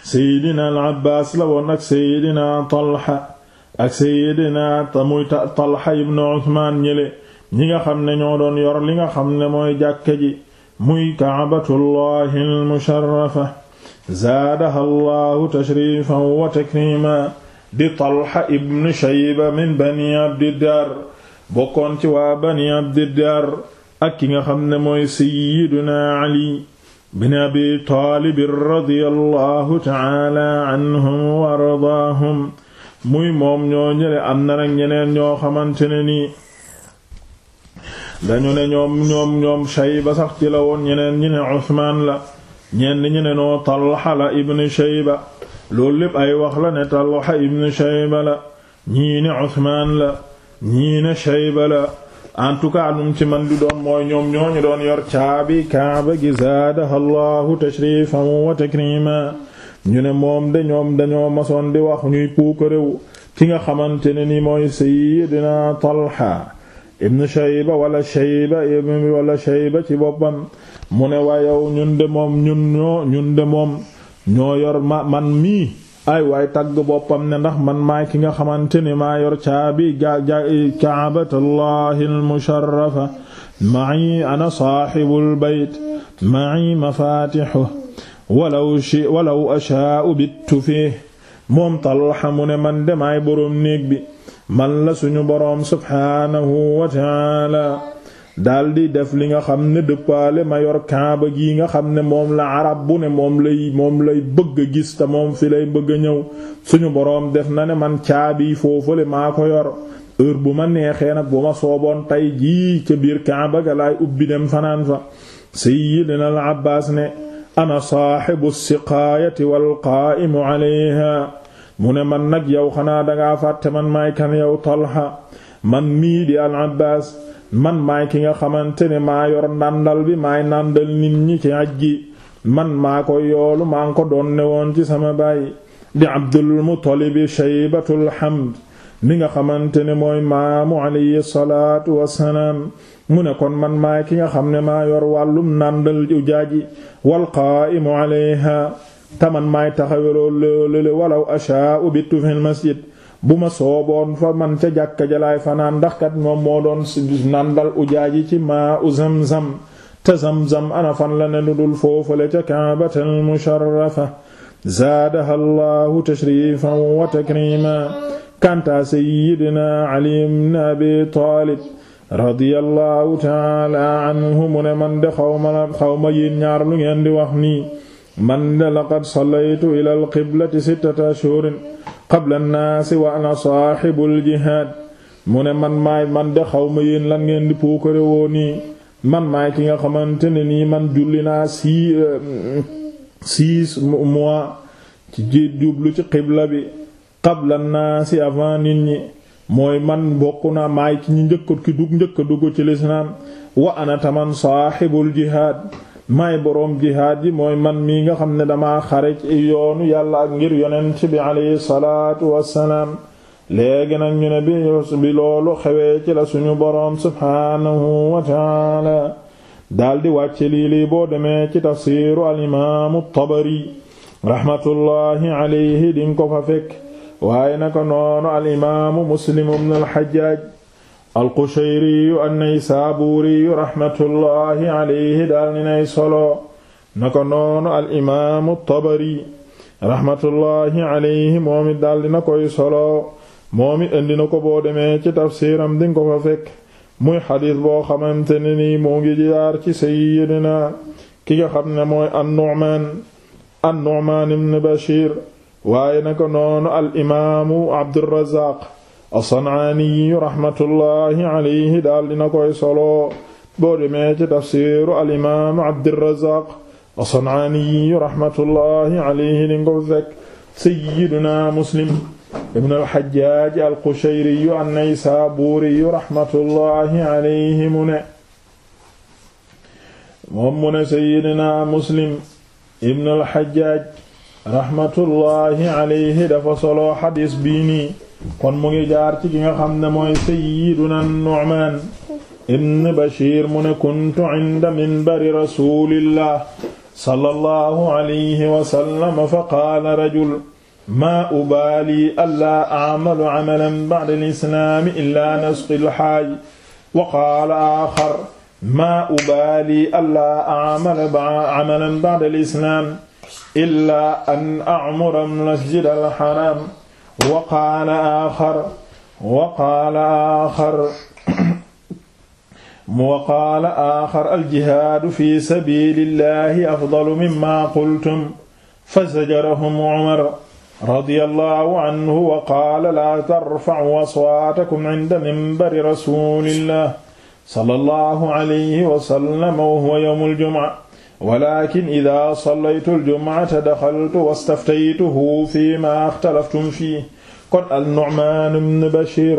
Seydina al-Abbaas la woon ak Seydina Talha ak Seydina muy Talha ibn Usmaan ñële ñi nga xam ne ñoo doon yor li nga xam ne mooy jàkka ji muy Kaabatullahi al-musharrafa zaadaha Allahu tashrifan wa takriman di Talha ibn Shayba min Bani Abdiddaar bokkoon ci waa Bani Abdiddaar ak ki nga xam ne mooy sayyiduna ali bin abi taalib radiyallahu taala anhum wa ardaahum muy moom ñoo ñële am na nag ñeneen ñoo xamante ne nii dañu ne ñoom ñoom ñoom shayba sax ci la woon ñeneen ñi ne usmaan la ñenn ñi ne noo talxa la ibn shayba loolu lépp ay wax la ne talxa ibn shayba la ñii ne usmaan la ñii ne la en tout cas num ci man di doon mooy ñoom ñoo ñooñu doon yor caabi kaaba gi zaadaha allahu tashrifan wa takrima ñu ne moom de ñoom dañoo masoon di wax ñuy puukarewu ki nga xamante ne ni mooy sayyidina talha ibn shayba wala shayba ibn wala shayba ci boppam mu ne waayow ñun de moom ñun ñoo ñun de moom ñoo yor ma man mii ay waay tàgg boppam ne ndax man maay ki nga xamante ne maa yor caabi ga eh, kaabatallahi almusharrafa ma'i ana saaxibul bayt ma'i mafatixu walaw shi walaw bittu fii moom Talha mu ne man demaay boroom néeg bi man la suñu boroom subhaanahu wa daldi def li nga xam ne dëppaale ma yor kaaba gi nga xam ne moom la arab bu ne moom lay moom lay bëgg a gis te moom fi lay bëgg a ñëw suñu boroom def na ne man caabi foofale maa ko yor heure bu ma neexee nag bu ma sooboon tey jii ca biir kaaba ga laay ubbi dem fanaan fa sayyidina al abbaas ne ana saaxibu siqaayati wal qaa'imu alayha mu ne man nag yow xanaa dangaa fàtte man may kan yow talha man mii di al abbaas man maay ki nga xamante ne maa yor nàndal bi maay nàndal nit ni ci aj gi man maa ko yoolu maa ngi ko doon ne woon ci sama baay di abdul muttalibi shaybatul hamd mi nga xamante ne mooy maamu alayhi salaatu wassalaam mu ne kon man maay ki nga xam ne maa yor wàllum nàndal u jaaji wal qaa'imu alayha taman maay taxaweloo loolule walaw ashaa'u bittu fil masjid bu ma sooboon fa man ca jàkka jalay fanaan ndax kat moom moo doon nandal ujaaji ci ma u zamzam te zamzam ana fan la ne lu dul foofale ca kaabatal musharrafa zaadaha allahu tashrifan wa takrima kanta sayyidina ali ibn abi taalib radiyallahu taala anhu mu ne man de xawma xawma yéen ñaar lu di wax nii man de laqad sallaytu ila alqiblati sittata ashhurin naa nnaasi wa ana saaxibul jihaad mu ne man maay man de xaw ma yéen lan ngeen di puukare woo nii man maay ki nga xamante ne nii man julli naa six euh, six mois ci jublu ci xibla bi naa nnaasi avant nit ñi mooy man bokk na maay ki ñu njëkk ki dugg njëkk dugg ci lislaam wa ana taman saaxibul jihaad may boroom jihaad yi mooy man mii nga xam ne dama xare ci yoonu ak ngir yonent bi aleyhi salaatu wassalaam léegi nag ñu ne bi loolu xewee ci la suñu boroom subhaanahu wa taala daldi wàcce lii lii boo demee ci tafsiiru alimaamu tabari raxmatullaahi aleyhi dinga ko fa fekk waaye noonu alimaamu muslim ibn al alqushayriyu annaysaabuuriyu raxmatullahi alayhi daal ninay solo nako noonu alimaamu tabari raxmatullahi alayhi moom it daal dina koy solo moom it indi na ko boo demee ci tafsiiram dinga ko fa fekk muy xadiis boo xamante ne nii moo ngi ci sayyidina ki nga xam ne mooy an-Nu'maan an ibn Bashiir waaye nako noonu alimaamu Abdurrazaaq as-San'aani rahmatullahi alayhi daal dina koy solo boo demee ci tafsiru al-imaam Abdurrazaaq as-San'aani rahmatullahi alayhi di nga ko fekk sayyidunaa Muslim ibn al-Hajjaaj al-Qushayri an-Naysaabuuri rahmatullahi alayhi mu ne moom mu ne sayyidunaa Muslim ibn al-Hajjaaj rahmatullahi alayhi dafa solo xadiis bii nii kon mu ngi jaar ci ki nga xam ne mooy sayyiduna Nu'man ibn Bashir mu ne kuntu inda minbari rasulillah sallallahu alayhi wa sallam fa qaala rajul maa ubaali allaa a'malu 'amalan ba'da al-islaam illaa nasqi al-haaj wa qaala aaxar maa ubaali allaa a'mala 'amalan ba'da al-islaam illaa an a'mura al-masjid al-haraam wa qaala aaxar wa qaala aaxar wa qaala aaxar aljihaadu fi sabiilillahi afdalu mimmaa qultum fa zajarahum Umar radiyallahu anhu wa qaala laa tarfa'u aswaatakum inda minbari rasuulillah sallallahu alayhi wa sallam wa huwa yawmul jumu'a walaakin idaa sallaytul jumu'ata daxaltu wastaftaytuhu fiimaa ixtalaftum fiihi kon an-Nu'man ibn Bashir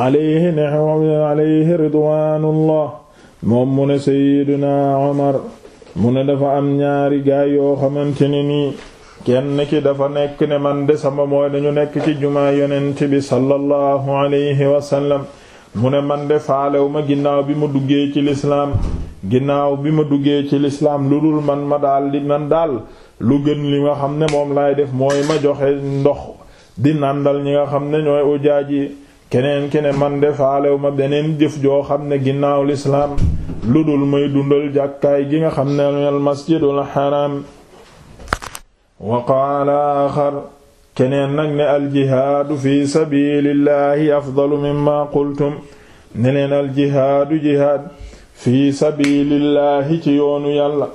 alayhi alayhi ridwanullah moom mu ne Sayyidina Umar mu ne dafa am ñaari gaay yoo xamante ne nii kenn ki dafa nekk ne man de sama mooy dañu nekk ci jumaa yonent bi sallallahu alayhi wa mu ne man de faalew ma ginnaaw bi ma duggee ci lislaam ginnaaw bi ma duggee ci lislaam lu dul man ma daal di man daal lu gën li nga xam ne moom laay def mooy ma joxe ndox di nandal ñi nga xam ne ñooy ujaaj yi keneen ki man de faalew ma beneen jëf joo xam ne ginnaaw lislaam lu dul may dundal jàkkaay gi nga xam ne al masjidul haram wa qaala axar keneen nag ne aljihaadu fi sabilillahi afdalu jihaad fi sabilillahi ci yoonu yàlla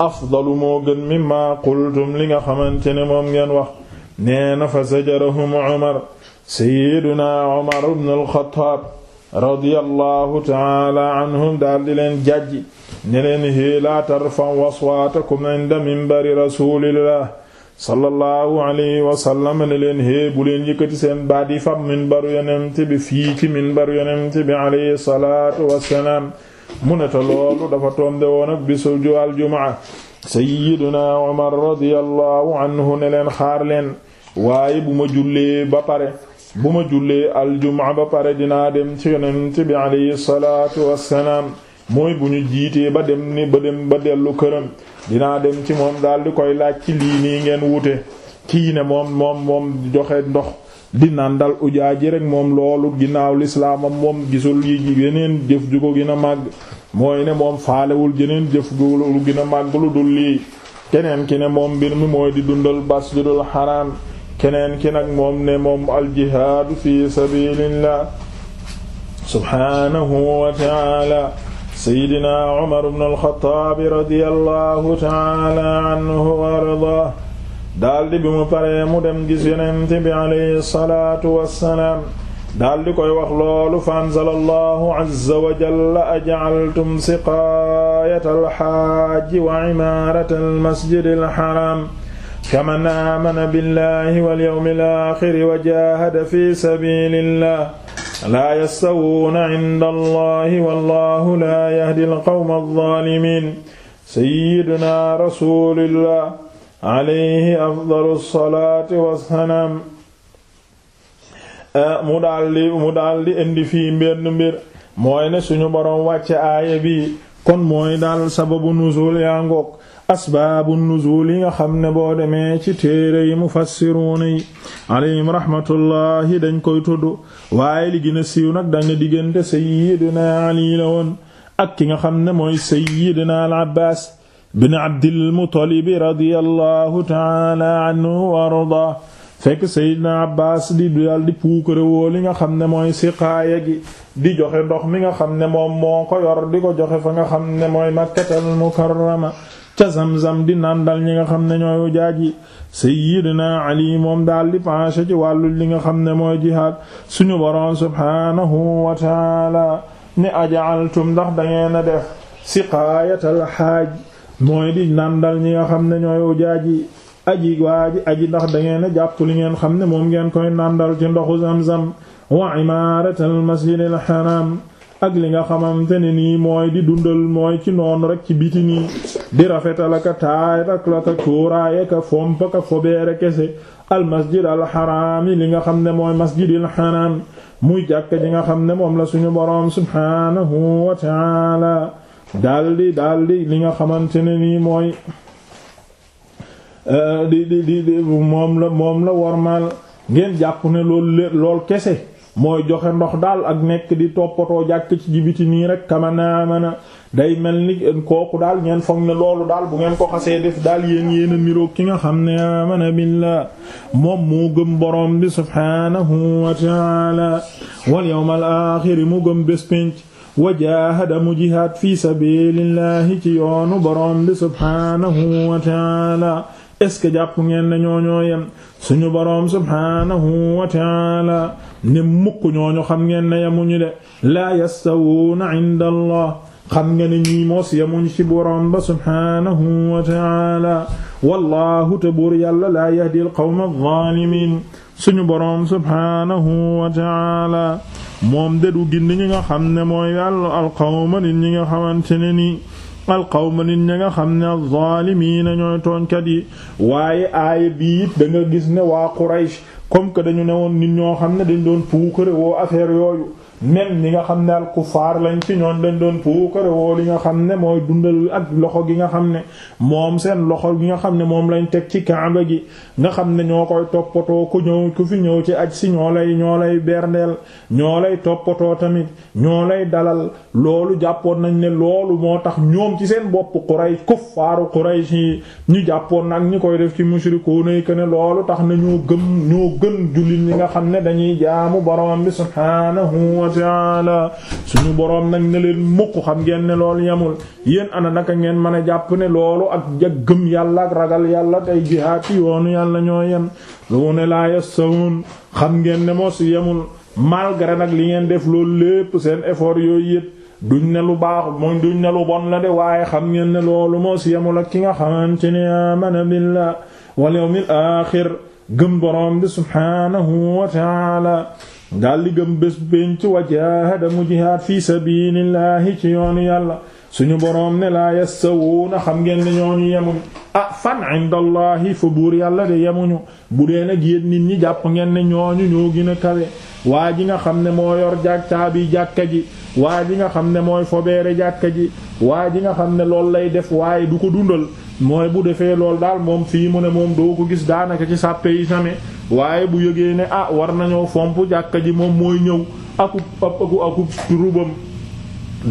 afdalu moo gën mimma qultum li nga xamante ne moom ngeen wax nee na fa zajarahum Umar sayyiduna Umar ibn al-Khattab radiyallahu ta'ala anhum daal di leen jàjji ne leen hee laa tarfa'u aswaatakum inda minbari rasulillah sallallahu alayhi wa sallam ne leen hee bu leen yëkkati seen baat yi fam minbaru yonent bi fii ci minbaru yonent bi mu ne te dafa tombe woon ak bisu juma'a sayyiduna Umar radiyallahu anhu ne leen xaar leen waaye bu ma jullee ba pare bu ma jullee aljumaa ba pare dinaa dem ci yonent bi alayhi salaatu wassalaam mooy bu ñu jiitee ba dem ni ba dem ba dellu këram dinaa dem ci moom daal di koy laaj ci lii nii ngeen wute kii ne moom moom moom joxe ndox di naan dal ujaa ji rek moom loolu ginnaaw lislaamam moom gisul yi yeneen jëf ju ko gën a màgg mooy ne moom faalewul yeneen jëf ju gën a màgg lu dul lii keneen ki ne moom mbir mi mooy di dundal basjidul haram keneen ki nag moom ne moom aljihaadu fi sabilillah subhaanahu wa taala seydina umar bnu alxataabi radiallahu taala anhu wa ardaa daldi bi mu paree mu dem gis yonent bi alayhi salaatu wassalaam daldi koy wax loolu fa anzala allahu azza wa jalla ajacaltum siqaayata alxaaji wa cimaarata almasjidi alxaram kaman aamana billahi wal yawmil aaxiri wa jaahada fi sabiilillah laa yastawuuna inda allahi wallaahu laa yahdil qawma adh-dhaalimiin sayyidunaa rasuulillah alayhi afdalu salaati wassalaam eh, mu daldi mu daldi indi fii mbir mbir mooy ne suñu boroom wàcce aaya bi kon mooy daal sababu nuzuul yaa ngoog asbaabu nuzul yi nga xam ne boo demee ci yi mufassiruuna yi alayhim rahmatullahi dañ koy tudd waaye li gën a siiw nag dañ diggante sayyidina Ali la woon ak ki nga xam ne mooy sayyidina al-Abbaas bin Abdil Muttalib radiyallahu ta'ala anhu wa ardaa fekk Seydina Abbas di dal di puukare woo li nga xam ne mooy siqaaya gi di joxe ndox mi nga xam ne moom moo ko yor ko joxe fa nga xam ne mooy Makkatal Mukarrama ca zamzam di nandal ñi nga xam ne ñooy jaaj yi sayyidina ali moom daal di penché ci wàllu li nga xam ne mooy jihaad suñu boroom subhaanahu wa taala ne ajaaltum ndax dangeen a def siqaayatal xaaj mooy di nandal ñi nga xam ne ñooy jaaj yi aji waaji aji ndax dangeen a jàpp li ngeen xam ne moom ngeen koy nandal ci ndoxu zamzam wa imaaratal masjidil haram ak li nga xamante ne nii mooy di dundal mooy ci noonu rek ci biti nii di rafetal aka taay ak laka cuuraay aka fomp aka fobeere kese al masjid al xaraam li nga xam ne mooy masjidil xaraam muy jàkk ji nga xam ne moom la suñu boroom subhaanahu wa taala daldi daldi li nga xamante ne nii mooy euh, di moom la moom la wormaal ngeen jàpp ne loolu lool kese mooy joxe ndox daal ak nekk di toppatoo jàkk ci jibiti nii rek kamanaamana day mel ni kooku daal ngeen foog ne loolu daal bu ngeen ko xasee def daal yéen yéen a niroog ki nga xam ne amana billah moom mu gëm boroom bi subhaanahu wa taala wal yawmal aaxiri mu gëm bés pénc wa jaahada mu jihaad fi sabilillahi ci yoonu boroom bi subhaanahu wa taala est-ce que jàpp ngeen ne suñu boroom subhaanahu wa ta'ala ne mukk ñooñu xam ngeen ne yemuñu de laa yastawuuna inda allah xam nga ne ñii moos yemuñ ci boroom subhaanahu wa ta'ala wallahu te buur yàlla laa yahdi al qawma adh-dhaalimiin suñu subhaanahu wa ta'ala moom de du gindi ñi nga xam ne mooy yàlla al qawma nit ñi nga xamante ne alqawma nit ña nga xam ne az-zaalimiina ñooy tooñkat yi waaye aaya bii it da nga gis ne waa Quraysh comme que dañu ne woon nit ñoo xam ne dañ doon puukare woo affaire yooyu même ñi nga xam ne alkufaar lañ ci ñoon dañ doon puukare woo li nga xam ne mooy dundal ak loxo gi nga xam ne moom seen loxo gi nga xam ne moom lañ teg ci kaaba gi nga xam ne ñoo koy toppatoo ku ñëw ku fi ñëw ci aj si ñoo lay ñoo lay berndeel ñoo lay toppatoo tamit ñoo lay dalal loolu jàppoon nañ ne loolu moo tax ñoom ci seen bopp Quraysh kuffaaru Quraysh yi ñu jàppoon nag ñi koy def ci mushrikuuna yi ne loolu tax na ñoo gën ñoo gën jullit ñi nga xam ne dañuy jaamu borom bi subhaanahu wa ta'ala suñu boroom nag ne leen mukk xam ngeen ne loolu yemul yéen ana naka ngeen mën a jàpp ne loolu ak gëm yàlla ak ragal yàlla tey jihaad ci yoonu yàlla ñoo yem lu ne laa yastawun xam ngeen ne moo si yemul malgré nag li ngeen def loolu lépp seen effort yooy yépp duñ ne lu baax mooy duñ ne lu bon la de waaye xam ngeen ne loolu moo si yemul ak ki nga xamante ni amana billah wal yawmil aaxir gëm boroom bi subhaanahu wa ta'ala daal di gëm bés pénc wa jaahada mu jihaad fi sabilillahi ci yoonu yàlla suñu boroom ne laa na xam ngeen ne ñooñu yemuñu a ah, fan indallahi fa buur yàlla de yemuñu bu dee nag yéen nit ñi jàpp ngeen ne ñooñu ñoo gën a kawe waa ji nga xam ne moo yor jàk caabi jàkka ji waa ji nga xam ne mooy fobeere jàkka ji waa ji nga xam ne loolu lay def waaye du ko dundal mooy bu defee loolu daal moom fii mu ne moom doo ko gis daanaka ci sàppe yi same waaye bu yëgee ne ah war nañoo fomp jàkka ji moom mooy ñëw akub aku akub rubam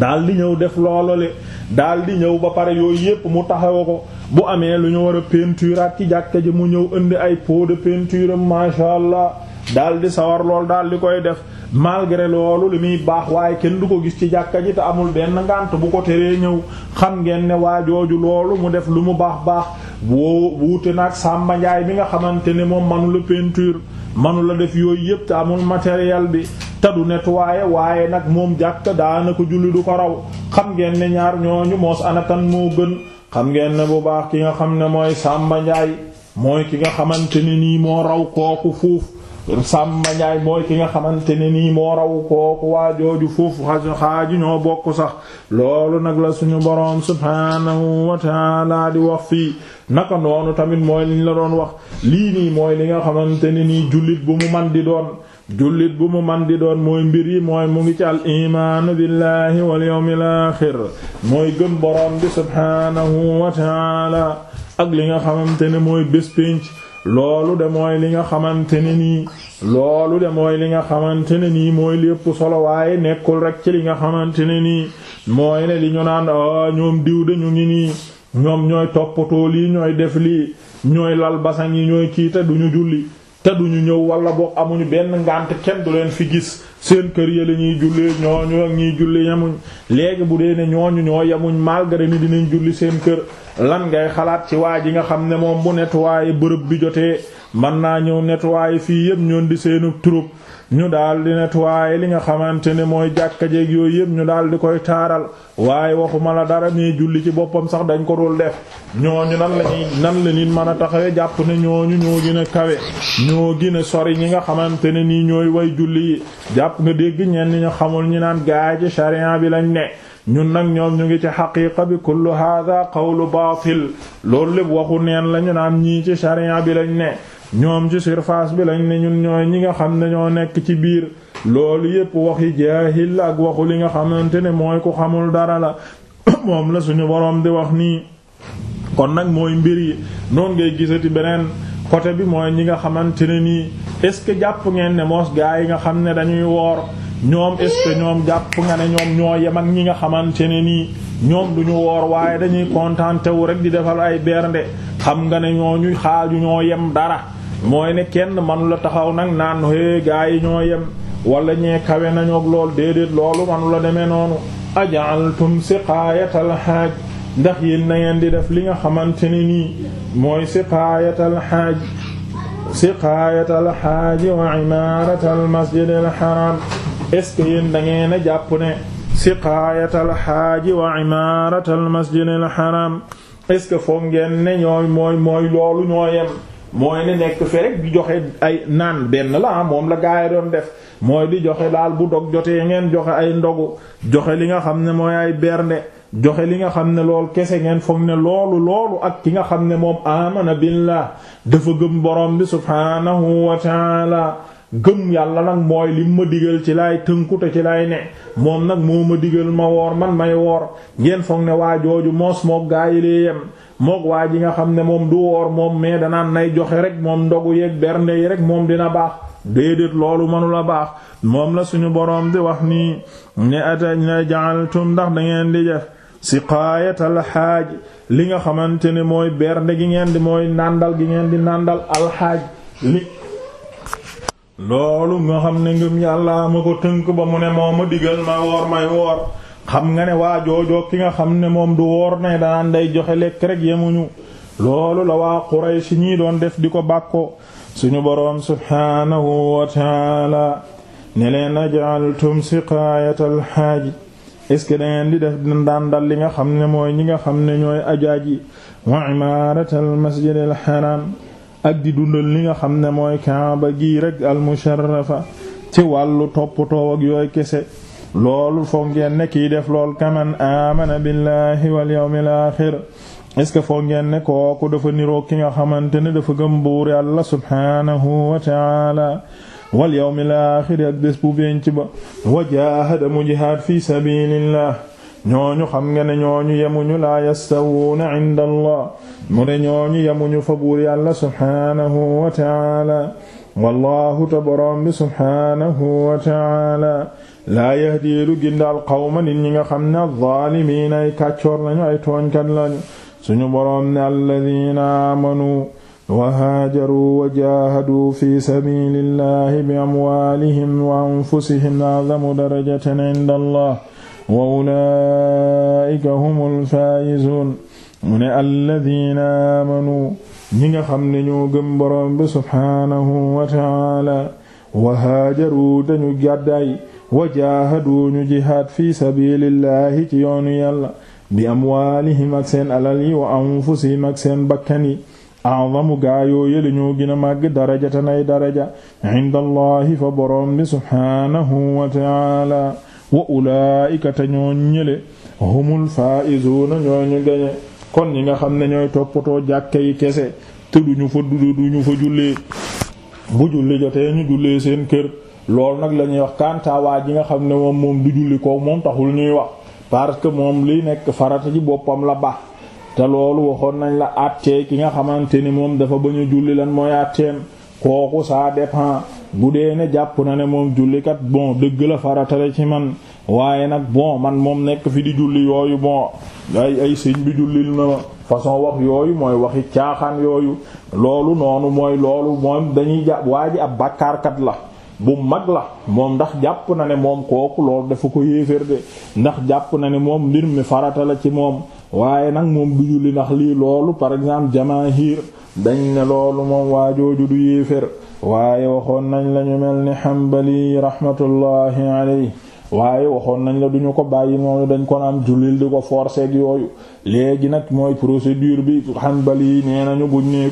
daal di ñëw def loolole daal di ñëw ba pare yooyu yépp mu taxawa ko bu amee lu ñu war a peinture ak ci jàkka ji mu ñëw indi ay pot de peinture masha Allah daal di sawar lool daal di koy def malgré loolu li muy baax waaye kenn du ko gis ci jàkka ji te amul benn ngànt bu ko teree ñëw xam ngeen ne waa jooju loolu mu def lu mu baax baax wuute nag Samba Ndiaye bi nga xamante ne moom manu la peinture manu la def yooyu yëpp te amul matériel bi te du nettoyer waaye nag moom jàkk daanaka julli du ko raw xam ngeen ne ñaar ñooñu moos anakan moo gën xam ngeen ne bu baax ki nga xam ne mooy Samba Ndiaye mooy ki nga xamante ni nii moo raw kooku fuuf. Samba Ndiaye mooy ki nga xamante ne nii moo raw kooku waa jooju foofu xaaju ñoo bokk sax loolu nag la suñu boroom subhaanahu wa ta'aala di wax fii naka noonu tamit mooy liñ la doon wax lii nii mooy li nga xamante ne nii jullit bu mu man di doon jullit bu mu man di doon mooy mbir yi mooy mu ngi ci al imaanu billahi wal yawmil aaxir mooy gëm boroom bi subhaanahu wa ak li nga xamante ne mooy bés pénc loolu de mooy li nga xamante ne nii loolu de mooy li nga xamante ne nii mooy lépp solo waaye nekkul rek ci li nga xamante ne nii mooy ne li ñu naan a ah, ñoom diw de ñu ngi nii ñoom ñooy toppatoo lii ñooy def lii ñooy lal basan yi ñooy kiita duñu julli te duñu ñëw wala boog amuñu benn ngànt kenn du leen fi gis seen kër ya la ñuy jullee ñooñu ak ñuy julli yamuñ léegi bu dee ne ñooñu ñoo yamuñ malgré ni dinañ julli seen kër lan ngay xalaat ci waa ji nga xam ne moom bu nettoyé bërëb bi jotee man naa ñëw nettoyer fii yëpp ñoon di seenu troupe ñu daal di nettoyer li nga xamante ne mooy jàkka jeeg yooyu yëpp ñu daal di koy taaral waaye waxuma la dara mais julli ci boppam sax dañ ko dul def ñooñu nan la nan la nit mën a taxawee jàpp ne ñooñu ñoo gën a kawe ñoo gën a sori ñi nga xamante ne nii ñooy way julli yi jàpp nga dégg ñenn ñu xamul ñu naan gaay ci sharia bi lañ ne ñun nag ñoom ñu ngi ci xaqiqa bi kullu hadha baax baatil loolu lépp waxu neen la ñu naan ñii ci sharia bi lañ ne ñoom ci surface bi lañ ne ñun ñooy ñi nga xam ne ñoo nekk ci biir loolu yépp waxi jaahil la ak waxu li nga xamante ne mooy ku xamul dara la moom la suñu boroom di wax nii kon nag mooy mbir yi noonu ngay gisati beneen côté bi mooy ñi nga xamante ne nii est-ce que jàpp ngeen ne moos gaa yi nga xam ne dañuy woor ñoom est ñoom jàpp nga ne ñoom ñoo yem ak ñi nga xamante ne nii ñoom duñu woor waaye dañuy contenté wu rek di defal ay bernde xam nga ne ñooñu xaaju ñoo yem dara mooy ne kenn manu la taxaw nag naan hé gaa yi ñoo yem wala ñee kawe nañoog lool déedéet loolu manu la demee noonu aj'altum siqaayatal haaj ndax yéen na ngeen di def li nga xamante ne nii mooy siqaayatal haaj siqaayatal haaj wa imaaratal masjidil haram est-ce que ngeen a jàpp ne siqaayatal haaj wa imaaratal masjidil haram est-ce ngeen ne ñooy mooy mooy loolu ñoo yem mooy ne nekk fi rek di joxe ay naan benn la ah, moom la gaay doon def mooy di joxe daal bu dog jotee ngeen joxe ay ndogu joxe li nga xam ne mooy ay joxe li nga xam ne lool kese ngeen foog ne loolu loolu ak ki nga xam ne moom amana billah dafa gëm borom bi subhaanahu wa taala gëm yàlla nag mooy li mu ma digal ci laay tënku ci laay ne moom nag moo ma digal ma woor man may woor ngeen foog ne waa jooju moos moog gaa yi lee yem mook waa ji nga xam ne moom du woor moom mais danaan nay joxe rek moom ndogu yeeg bernde yi rek moom dina baax déedéet loolu mënula baax moom la suñu boroom di wax nii ne ata na ja'altum ndax da ngeen di def siqaayatal xaaj li nga xamante ne mooy bernde gi ngeen di mooy nàndal gi ngeen di nàndal alxaaj li loolu nga xam ne ngëm yàlla ma ko tënk ba mu ne moo ma digal ma woor may woor xam nga ne waa joojoo ki nga xam ne moom du woor ne danaan day joxe lekk rek yemuñu loolu la waa Quraysh ñii doon def di ko bàkko suñu boroom subhaanahu wa taala ne leen aj'altum siqaayata alxaaji est-ce que da ngeen di def ndandal li nga xam ne mooy ñi nga xam ne ñooy ajaaj yi wa imaarata almasjid alxaram ak di dundal li nga xam ne mooy kaaba gii rek almusharrafa ci wàllu toppatoo ak yooy kese lool foog ngeen ne kii def lool kaman amana billahi wal yawmil axir est-ce que foog ngeen ne kooku dafa niroo ki nga xamante ne dafa gëm buur yàlla subhanahu wa taala wal yawmil axir ak bu benc ba wa jahada mu jihaad fi sabilillah ñooñu xam nga ne ñooñu yemuñu laa yastawuuna allah mu de ñooñu yemuñu fa buur yàlla subhanahu wa taala wallahu ta boroom bi wa taala laa yahdi du gindaal qawma nit ñi nga xam ne alzaalimiin ay kàccoor lañu ay tooñkat lañu suñu boroom ne alladina aamanu wa haajaru wa jaahaduu fi sabilillahi bi amwaalihim wa anfusihim a'zamu darajatan inda allah wa ulaa'ika humul faa'izuun mu ne alladina nga xam ne ñoo gëm boroom wa ta'aala wa haajaru dañu wa jaahadu ñu jihaad fi sabilillahi ci yoonu yàlla bi amwaalihim ak seen alal yi wa anfusihim ak seen bakkan yi a'zamu gaayoo yëli ñoo gën a màgg darajatan ay daraja inda allahi fa boroom bi subhaanahu wa ta'ala wa ulaa'ika te humul faa'izuuna ñoo gañe kon ñi nga xam ne ñooy toppatoo jàkke yi kese te duñu fa duñu fa bu julli jotee ñu jullee seen loolu nag la ñuy wax kanta waa ji nga xam ne moom moom du julli ko moom taxul ñuy wax parce que moom li nekk farata ci boppam la baax te loolu waxoon nañ la àttee ki nga xamante ni moom dafa bañ a julli lan mooy àtteem kooku saa dépend bu dee ne jàpp na ne moom jullikat bon dëgg la faratale ci man waaye nag bon man moom nekk fi di julli yooyu bon ay ay sëñ bi jullil na façon wax yooyu mooy waxi caaxaan yooyu loolu noonu mooy loolu moom dañuy jàpp waa ji ab bàkkaarkat la bu mag la moom ndax jàpp na ne moom kooku loolu defu ko yéeféer de ndax jàpp na ne moom mbir mi farata la ci moom waaye nag moom du julli ndax lii loolu par exemple jamaahir dañ ne loolu moom waajooju du yéeféer waaye waxoon nañ lañu mel ni Hanbali rahmatullahi alayhi waaye waxoon nañ la duñu ko bàyyi noonu dañ ko naan jullil di ko forcer ak yooyu léegi nag mooy procédure bi Hanbali nee nañu buñ ne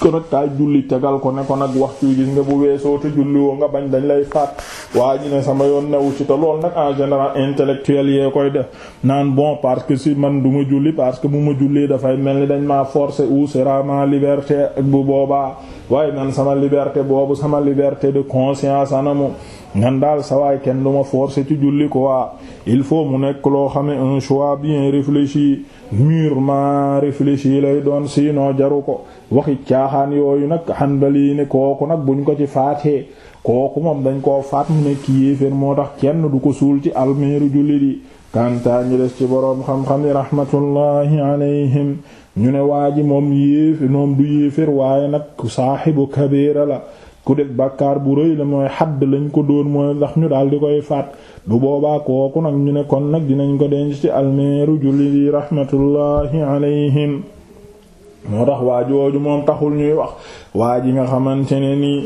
ko nag kaay julli tegal ko ne ko nag waxtu yi gis nga bu weesoo te julli woo nga bañ dañ lay faat waa ji ne sama yoon newu si to lool nag en général intellectuel yee koy def naan bon parce que si man du ma julli parce que bu ma jullee dafay mel ni dañ maa forcer ou sera ma liberté bu boobaa waaye naan sama liberté boobu sama liberté de conscience anamu nan daal sawaay kenn du ma forcer ci julli waa il faut mu nekk loo xam ne un choix bien réfléchi mûrement réfléchi lay doon sino jaru ko waxit caaxaan yooyu nag Hanbali ne kooku nag buñ ko ci faatee kooku moom dañ ko faat mu nekk yéeféer moo tax kenn du ko suul ci almeeru julli di kantaa ñi des ci boroom xam-xam yi rahmatullahi alayhim ñu ne waa ji moom yéef moom du yéeféer waaye nag saaxibu kabira la ku def bàkkaar bu rëy la mooy xadd lañ ko dóor mooy ndax ñu daal di koy faat bu boobaa kooku nag ñu ne kon nag dinañ ko denc ci almeeru julli di rahmatullahi alayhim moo tax waa jooju moom taxul ñuy wax waa ji nga xamante ne nii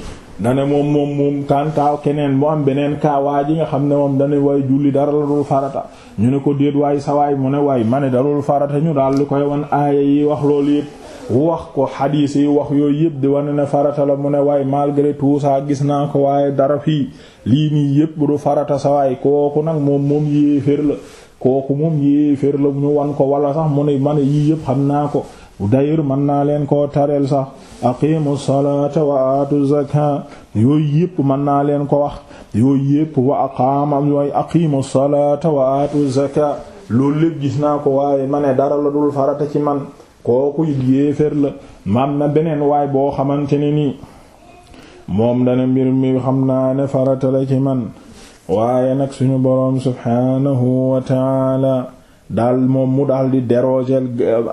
dane moom moom moom kantaaw keneen mu am beneen kaa waa ji nga xam ne moom dane way julli dara la dul farata ñu ne ko déet waay sawaay mu ne waay ma ne darul farata ñu daal di koy wan aaya yi wax loolu yépp wax ko xadiis yi wax yooyu yëpp di wane na farata la mu waaye malgré tout ça gis naa ko waaye dara fii lii nii yëpp du farata sa waay kooku nag moom moom yéeféer la kooku moom yéeféer la ñu wan ko wala sax mu ne ma ne yii xam naa ko dayir mën naa leen ko tareel sax aqimu salata wa aatu zaka yooyu yëpp mën naa leen ko wax yooyu yëpp wa aqaama yooyu aqimu salata wa aatu zaka loolu lépp gis naa ko waaye ma ne dara la dul farata ci man kooku it yéeféer la maam na beneen waay boo xamante ne nii moom dana mbir mi xam naa ne farata la ci man waaye nag suñu boroom subhaanahu wa taala daal moom mu daal di dérogeel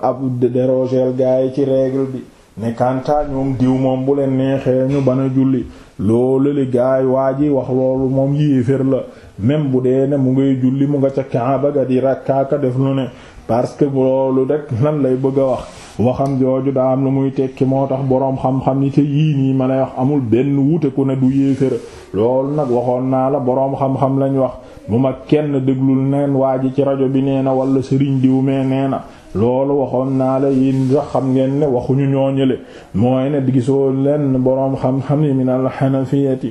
ab dérogeel gaay ci règle bi ne kantaa ñoom diw moom bu leen neexee ñu bana julli loolu li gaay waa ji wax loolu moom yéeféer la même bu dee ne mu ngay julli mu nga ca kaaba ga di rakkaaka def lu ne parce que loolu rek lan lay bëgg a wax waxam jooju daa am lu muy tekki moo tax boroom xam-xam yi te yii nii ma lay wax amul benn wuute ku ne du yéeféra loolu nag waxoon naa la boroom xam-xam lañ wax bu ma kenn déglul neen waa ji ci rajo bi nee na wala sëriñ diw mee nee na loolu waxoon naa la yéen sax xam ngeen ne waxuñu ñooñule mooy ne gisoo leen boroom xam-xam yi min alxanafiyati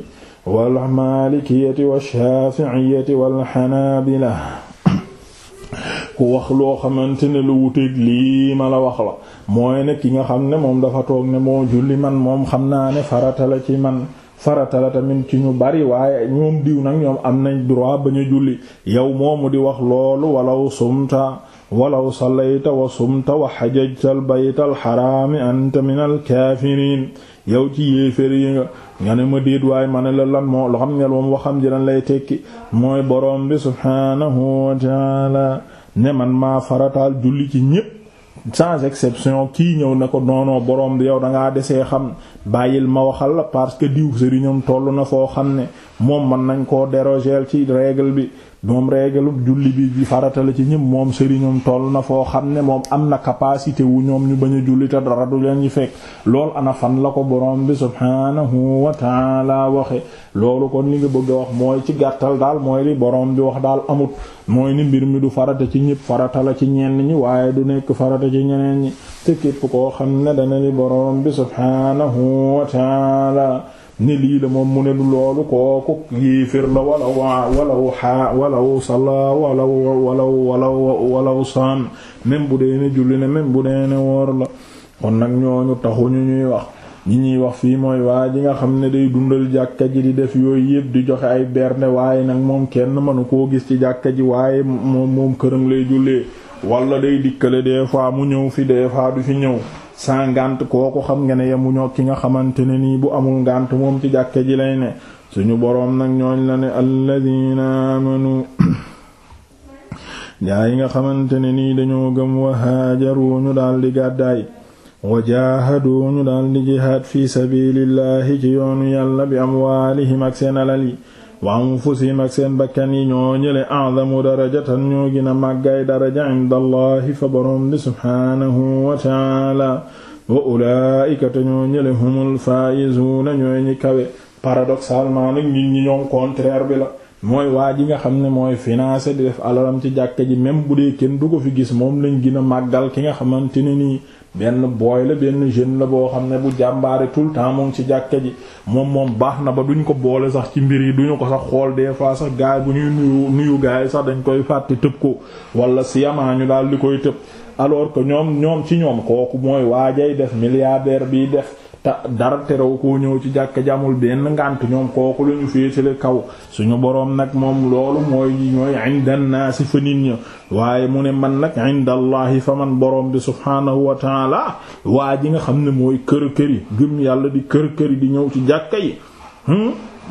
wal maalikiyati wa shaafi'iyati wal xanaabila ku wax loo xamante ne lu wuteeg lii ma la wax la mooy ne ki nga xam ne moom dafa toog ne moo julli man moom xam naa ne farata la ci man farata la tamit ci ñu bari waaye ñoom diw nag ñoom am nañ droit ba ñu julli yow moomu di wax loolu walaw sumta walaw salayta wa sumta wa xajajta al bayta al xaraami anta min al kaafiriin yow ci yéefér yi nga ne ma déet waaye ma ne la lan moo loo xam moom waxam ji lan lay tekki mooy boroom bi subhaanahu wa ne man maa farataal julli ci ñépp sans exception kii ñëw na ko noonoo boroom bi yow dangaa desee xam bàyyil ma waxal la parce que diw sëriñam toll na foo xam ne moom mën nañ koo déroger ci règle bi moom reegalub julli bi farata la ci ñëpp moom ñoom toll na foo xam ne moom am na capacité wu ñoom ñu bañ a julli te dara du leen ñu fekk lool ana fan la ko borom bi subhanahu wa taala waxe loolu kon li nga bëgg a ci gàttal daal mooy li borom bi wax daal amut mooy ni mbir mi du farata ci ñëpp farata ci ñenn ñi waaye du nekk farata ci ñeneen ñi te koo xam ne dana li ni lii la moom mu ne du loolu kooku yéefér la walaw walaw xaa walaw sala walla walaw walla walaw saan même bu dee ne julli ne même bu dee ne woor la kon nag ñooñu taxuñu ñuy wax ñi ñuy wax fii mooy waa ji nga xam ne day dundal jàkka ji di def yooyu yëpp di joxe ay berne waaye nag moom kenn mënu koo gis ci jàkka ji moom moom këram lay jullee wala day dikkale des fois mu ñëw fi des fois du fi ñëw sans ngànt kooku xam nga ne yemuñoo ki nga xamante ne nii bu amul ngànt moom ci jàkke ji lay ne suñu boroom nag ñooñ la ne alladina amanu gaa yi nga xamante ni nii dañoo gëm wa haajaru ñu daal di gàddaay wa jaahadu ñu daal di jihaad fi sabilillahi ci yoonu yàlla bi amwaalihim ak seen alal yi wa anfusihim ak seen bakkan yi ñoo ñële a'zamu darajatan ñoo gën a màggaay daraja inda allahi fa boroom bi subhaanahu wa taala wa ulaa'ika te ñoo ñële humul faa'izuuna ñooy ñi kawe paradoxalement nag nit ñi ñoom contraire bi la mooy waa ji nga xam ne mooy financé di def alalam ci jàkka ji même bu dee kenn du ko fi gis moom lañ gën a màggal ki nga xamante ne nii benn booy la benn jeune la boo xam ne bu jàmbaare tout le temps mu ngi ci jàkka ji moom moom baax na ba duñ ko boole sax ci mbir yi duñu ko sax xool des fois sax gaay bu ñuy nuyu nuyu gaay sax dañ koy fàtte tëb ko wala siyamaa ñu daal di koy tëb alors que ñoom ñoom ci ñoom kooku mooy waajay def milliardaire bi def ta dara terewu koo ñëw ci jàkk jamul benn ngànt ñoom kooku la ñu féetale kaw suñu boroom nag moom loolu mooy ñooy inda naasi fa nit ña waaye mu ne man nag inda allahi fa man boroom bi subhaanahu wa taala waa ji nga xam ne mooy kër këri gëm yàlla di kër këri di ñëw ci jàkka yi hmm?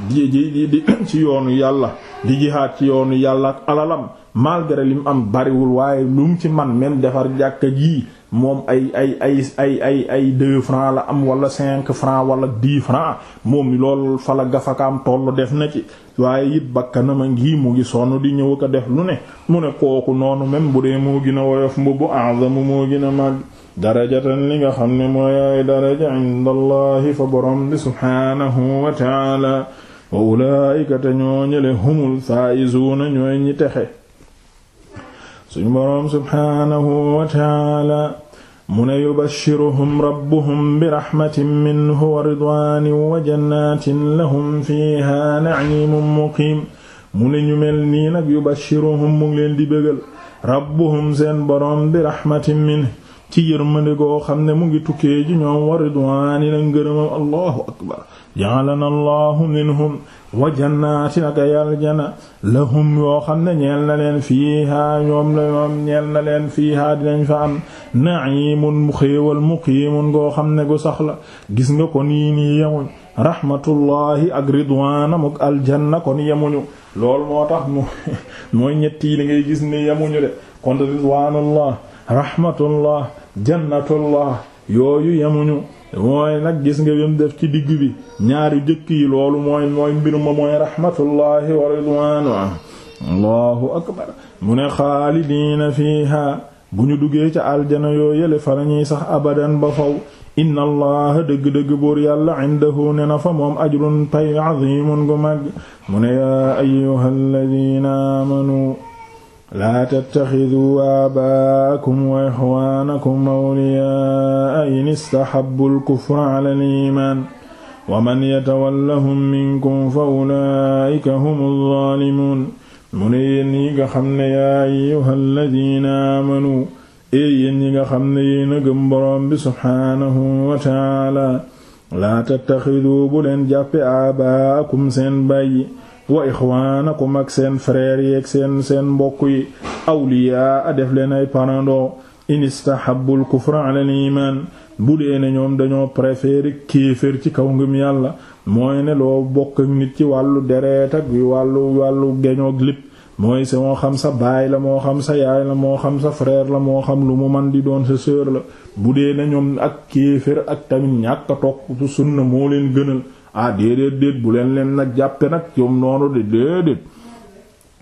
di di di ci yoonu yàlla di jihaad ci yoonu yàlla ak alalam malgré lim am bariwul waaye lu mu ci man même defar jàkka ji moom ay ay ay ay ay ay deux francs la am wala cinq francs wala dix francs moom loolu fa la gafakaam toll def na ci waaye it bakkanama ngi mu ngi sonn di ñëw ko def lu ne mu ne kooku noonu même bu dee moo gina a woyof mbubbu a'zamu moo gën a màgg darajatan li nga xam ne mooy ay daraja inda allahi fa borom bi subhanahu wa taala wa ulaayika ñoo ñële humul faaizuuna ñooy ñi texe suñu boroom subhaanahu wa taala mu ne yubashiruhum rabbuhum bi raxmatin minhu wa ridwaanin wa jannatin lahum fiihaa naciimun muqiim mu ne ñu mel nii nag yubashiruhum mu ngi leen di bégal rabbuhum seen boroom bi raxmatin minhu ci yërmande goo xam ne mu ngi tukkee ji ñoom wa ridwaani na ngërëmam allahu akbar ja'alana allahu minhum wa jannaati naka yaljana lahum yoo xam ne ñeel na leen fiiha ñoom la ñoom ñeel na leen fiiha dinañ fa am na'imun xéewal muqiimun ngoo xam ne gu sax gis nga ko nii nii yemuñ rahmatullahi ak ridwaana muk aljanna kon yemuñu lool moo tax mooy ñetti li ngay gis ni yemuñu de kon ridwaanullah rahmatullah jannatullah yooyu yamuñu mooy nag gis nga yem def ci digg bi ñaari jëkk yi loolu mooy mooy mbir ma mooy rahmatullahi wa ridwanu allahu akbar mu ne xaalidiina fiiha bu ñu duggee ca aljana yoo yële fa lañuy sax abadan ba faw inna allaha dëgg-dëgg buur yàlla indahu ne na fa moom ajrun pay azimun gu mag mu ne yaa ayyuhal ladina amanu laa tattaxiduu aabaakum wa ixwaanakum awliyaa in istaxabbu lkufra ala liimaan wa man yatawallahum minkum fa ulaa'ika humu zaalimuun mu ne yéen ñi nga xam ne yaa ayyuha alladiina aamanu ee yéen ñi nga xam ne yéen a gëm boroom bi subhaanahu wa taala laa tattaxiduu bu leen jàppe aabaakum seen bàyyi wa ixwaanakum ak seen frères yi seen seen mbokk yi awliyaa def leen ay parando in istahabbul kufra ala al iman bu dee ne ñoom dañoo préférer kéefër ci kaw ngëm yàlla mooy ne loo bokk ak nit ci wàllu deret ak wàllu wàllu geñoog lépp mooy sa moo xam sa baay la moo xam sa yaay la moo xam sa frère la moo xam lu mu man di doon sa sœur la bu dee ne ñoom ak kéefër ak tamit ñàkk a topp sunna moo leen gënal ah déedéet déet bu leen leen nag jàppe nag yoom noonu de déedéet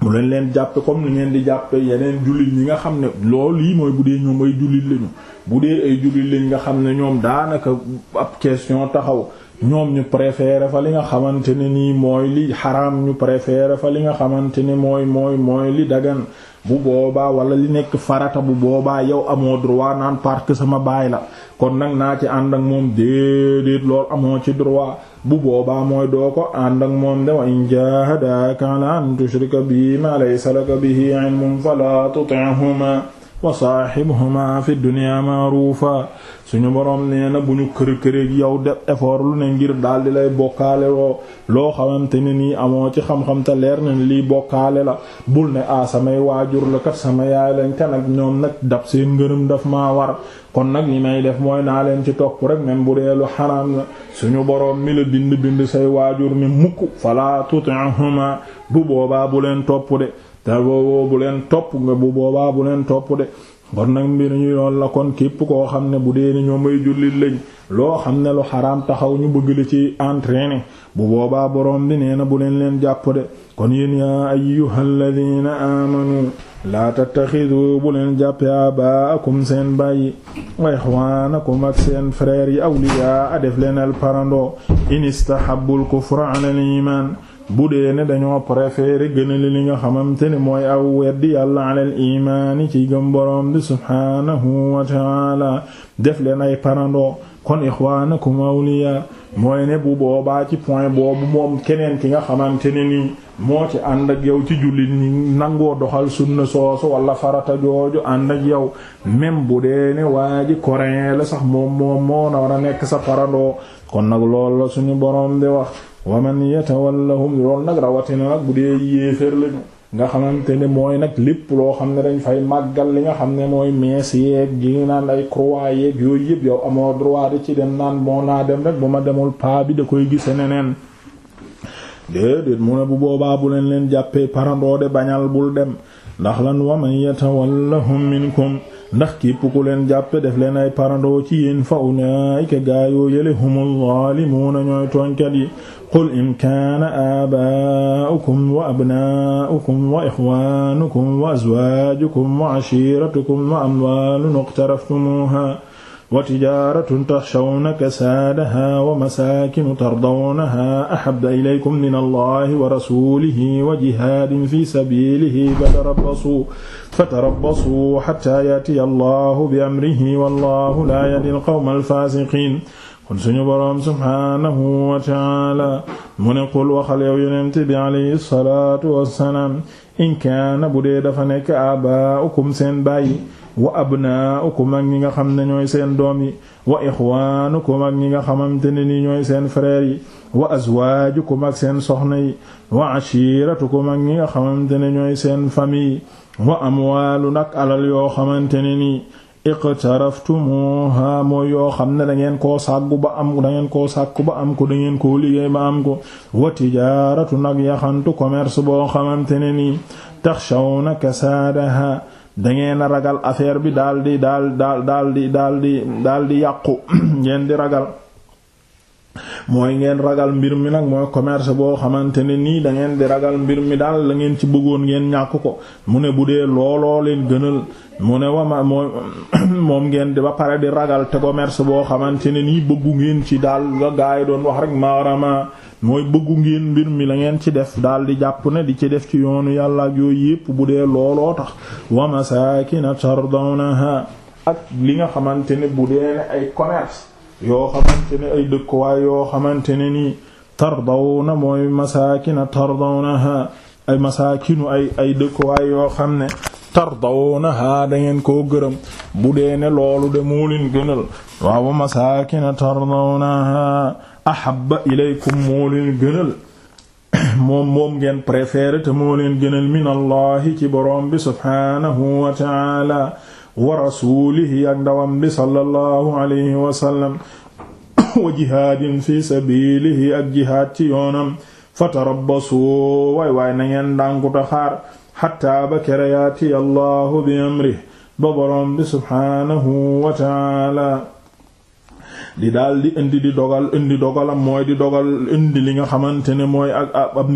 bu leen leen jàppe comme ni ngeen di jàppe yeneen jullit ñi nga xam ne loolu yi mooy bu dee ñoom ay jullit lañu bu dee ay jullit lañ nga xam ne ñoom daanaka ab question taxaw ñoom ñu préféré fa li nga xamante ne nii mooy li xaraam ñu préféré fa li nga xamante ne mooy mooy mooy li dagan bu boobaa wala li nekk farata bu boobaa yow amoo droit naan parce que sama baay la kon nag naa ci ànd ak moom déedéet lool amoo ci droit bu boobaa moo doo ko ànd ak moom de wa in an tushrika bi ma laysa laka bihi ilmun fala tuti'huma wa saaxibuhuma fi dunya maaruufa suñu boroom nee na bu ñu kër-këréeg yow def effort lu ne ngir daldi lay bokkaale loo loo xamante ne nii amoo ci xam-xam te leer na lii bokkaale la bul ne ah samay waajur la kat sama yaay lañ te nag ñoom nag dab seen ngërëm daf maa war kon nag li may def mooy naa leen ci topp rek même bu dee lu xaraam la suñu boroom mi la bind bind say waajur mi mukk fala tuti'huma bu boobaa bu leen topp de te booboo bu leen topp nga bu boobaa bu leen topp de kon nag mbir ñu yoon la kon képp koo xam ne bu dee ni ñoom ay jullit lañ loo xam ne lu xaraam taxaw ñu bëgg la ci entraîner bu boobaa boroom bi nee na bu leen leen jàpp de kon yéen yaa ayyuhal ladina amanu laa tattaxidu bu leen jàpp jàppe abaakum seen bàyyi wa ixwaanakum ak seen frères yi awliyaa a def leen al parando in istahabul kufra ala al bu dee ne dañoo préférer gënali li nga xamante ne mooy aw weddi yàlla alal imaani ci gëm boroom bi subhaanahu wa taala def leen ay parandoo kon ixwaanakum awliya mooy ne bu boobaa ci point boobu moom keneen ki nga xamante ne nii moo ci ànd ak yow ci jullit ñi nangoo doxal sunna soosu wala farata jooju ànd ak yow même bu dee ne waa ji coréen la sax moom moom moo na war a nekk sa parandoo kon nag lool la suñu boroom di wax wa man yatawallahum loolu nag rawatina bu dee yéeféer nga xamante ne mooy nag lépp loo xam ne dañ fay màggal li nga xam ne mooy mees yeeg yi naan ay croix yeeg yëpp yow amoo ci dem naan moo naa dem rek bu ma demul paa bi da koy gise neneen déedéet mu bu boobaa bu leen leen jàppee parandoo de bañal bul dem ndax lan wa man yatawallahum ndax képp ku leen jàppe def leen ay parandoo ci yéen fa ulaa'ika gaayoo yële humul zaalimuuna ñooy tooñkat yi qul in kaana aabaa'ukum wa abnaa'ukum wa ixwaanukum wa azwaajukum wa cashiiratukum wa amwaalun iqtaraftumuuhaa wa tijaaratun taxshawna kasaadahaa wa masaakinu tardawnahaa axabba ilaykum min allahi wa rasuulihi wa jihaadin fi sabiilihi fatarabbasuu fatarabbasuu xattaa yaatiya allahu bi amrihi wallaahu laa yahdil qawma alfaasiqiin kon suñu boroom subhaanahu wa taala mu ne qul waxal yow yonent bi alayhi salaatu wassalaam in kaana bu dee dafa nekk abaa'ukum seen bàyyi wa abnaa'ukum ak ñi nga xam ne ñooy seen doom yi wa ko ak ñi nga xamante ne ni ñooy seen frère yi wa azwaajukum ak seen soxna yi wa ko mag ñi nga xamante ne ñooy seen famille wa amwaalun ak alal yoo xamante ne nii iqtaraftumuha mooy yoo xam ne da ngeen koo sàggu ba am dangeen ngeen koo sàkku ba am ko da ngeen koo liggéey ba am ko wa tijaaratu nag yaxantu commerce boo xamante ne nii taxshawna kasaadaha dangeen a ragal affaire bi daal di daal daal daal di daal daal di yàqu ngeen di ragal mooy ngeen ragal mbir mi nag mooy commerce boo xamante ne nii da ngeen di ragal mbir mi daal la ngeen ci bëggoon ngeen ñàkk ko mu ne bu dee looloo leen gënal mu ne wama moo moom ngeen di ba pare di ragal te commerce boo xamante ne nii bëggu ngeen ci daal la yi doon wax rek maarama mooy bëggu ngeen mbir mi la ngeen ci def daal di jàpp ne di ci def ci yoonu yàlla ak yooyu yépp bu dee looloo tax wa masakina tardawnaha ak li nga xamante ne bu d ne yoo xamante ne ay dëkkuwaay yoo xamante ne nii tardawna mooy masaakina tardawnaha ay masaakinu ay ay dëkkuwaay yoo xam ne tardawnaha dangeen koo gërëm bu dee ne loolu de moo leen gënal waaw masaakina tardawnaha ahabba ilaykum moo leen gënal moom moom ngeen préféré te moo leen gënal min allahi ci boroom bi wa rasuulihi ak ndawam bi sallallahu alayhi wa sallam wa jihaadin fi sabilihi ak jihaad ci yoonam fatarabbasu waay waay na ngeen ndànkuta xaar xattaa ba kere yaati allahu bi amrih ba boroom subhaanahu wa di daldi di indi di dogal indi di dogal indi li nga xamante ne mooy ak ab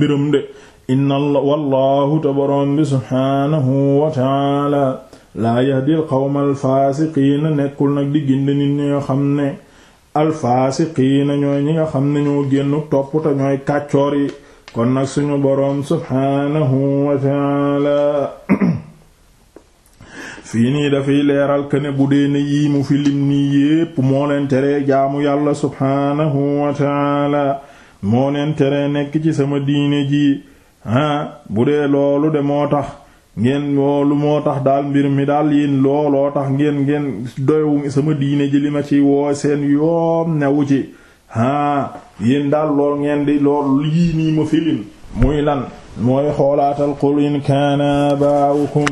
inna wallahu te boroom subhaanahu wa laa yahdil qawma alfaasiqiina nekkul nag di gindi nit ñi nga xam ne alfaasiqiina ñooy ñi nga xam ne ñoo génn topp te ñooy kàccoor yi kon nag suñu boroom subhaanahu wa taala fii nii dafay leeral ke ne bu dee ne yii mu fi lim nii yépp moo leen tere jaamu yàlla subhaanahu wa taala moo leen tere nekk ci sama diine ji ah bu dee loolu de moo tax ngeen loolu moo tax daal mbir mi daal yéen looloo tax ngeen ngeen doywu sama diine ji li ma ci woo seen yoon newu ci haa yéen daal lool ngeen di lool lii nii ma filin muy lan mooy xoolaatal qul in kaana baawukum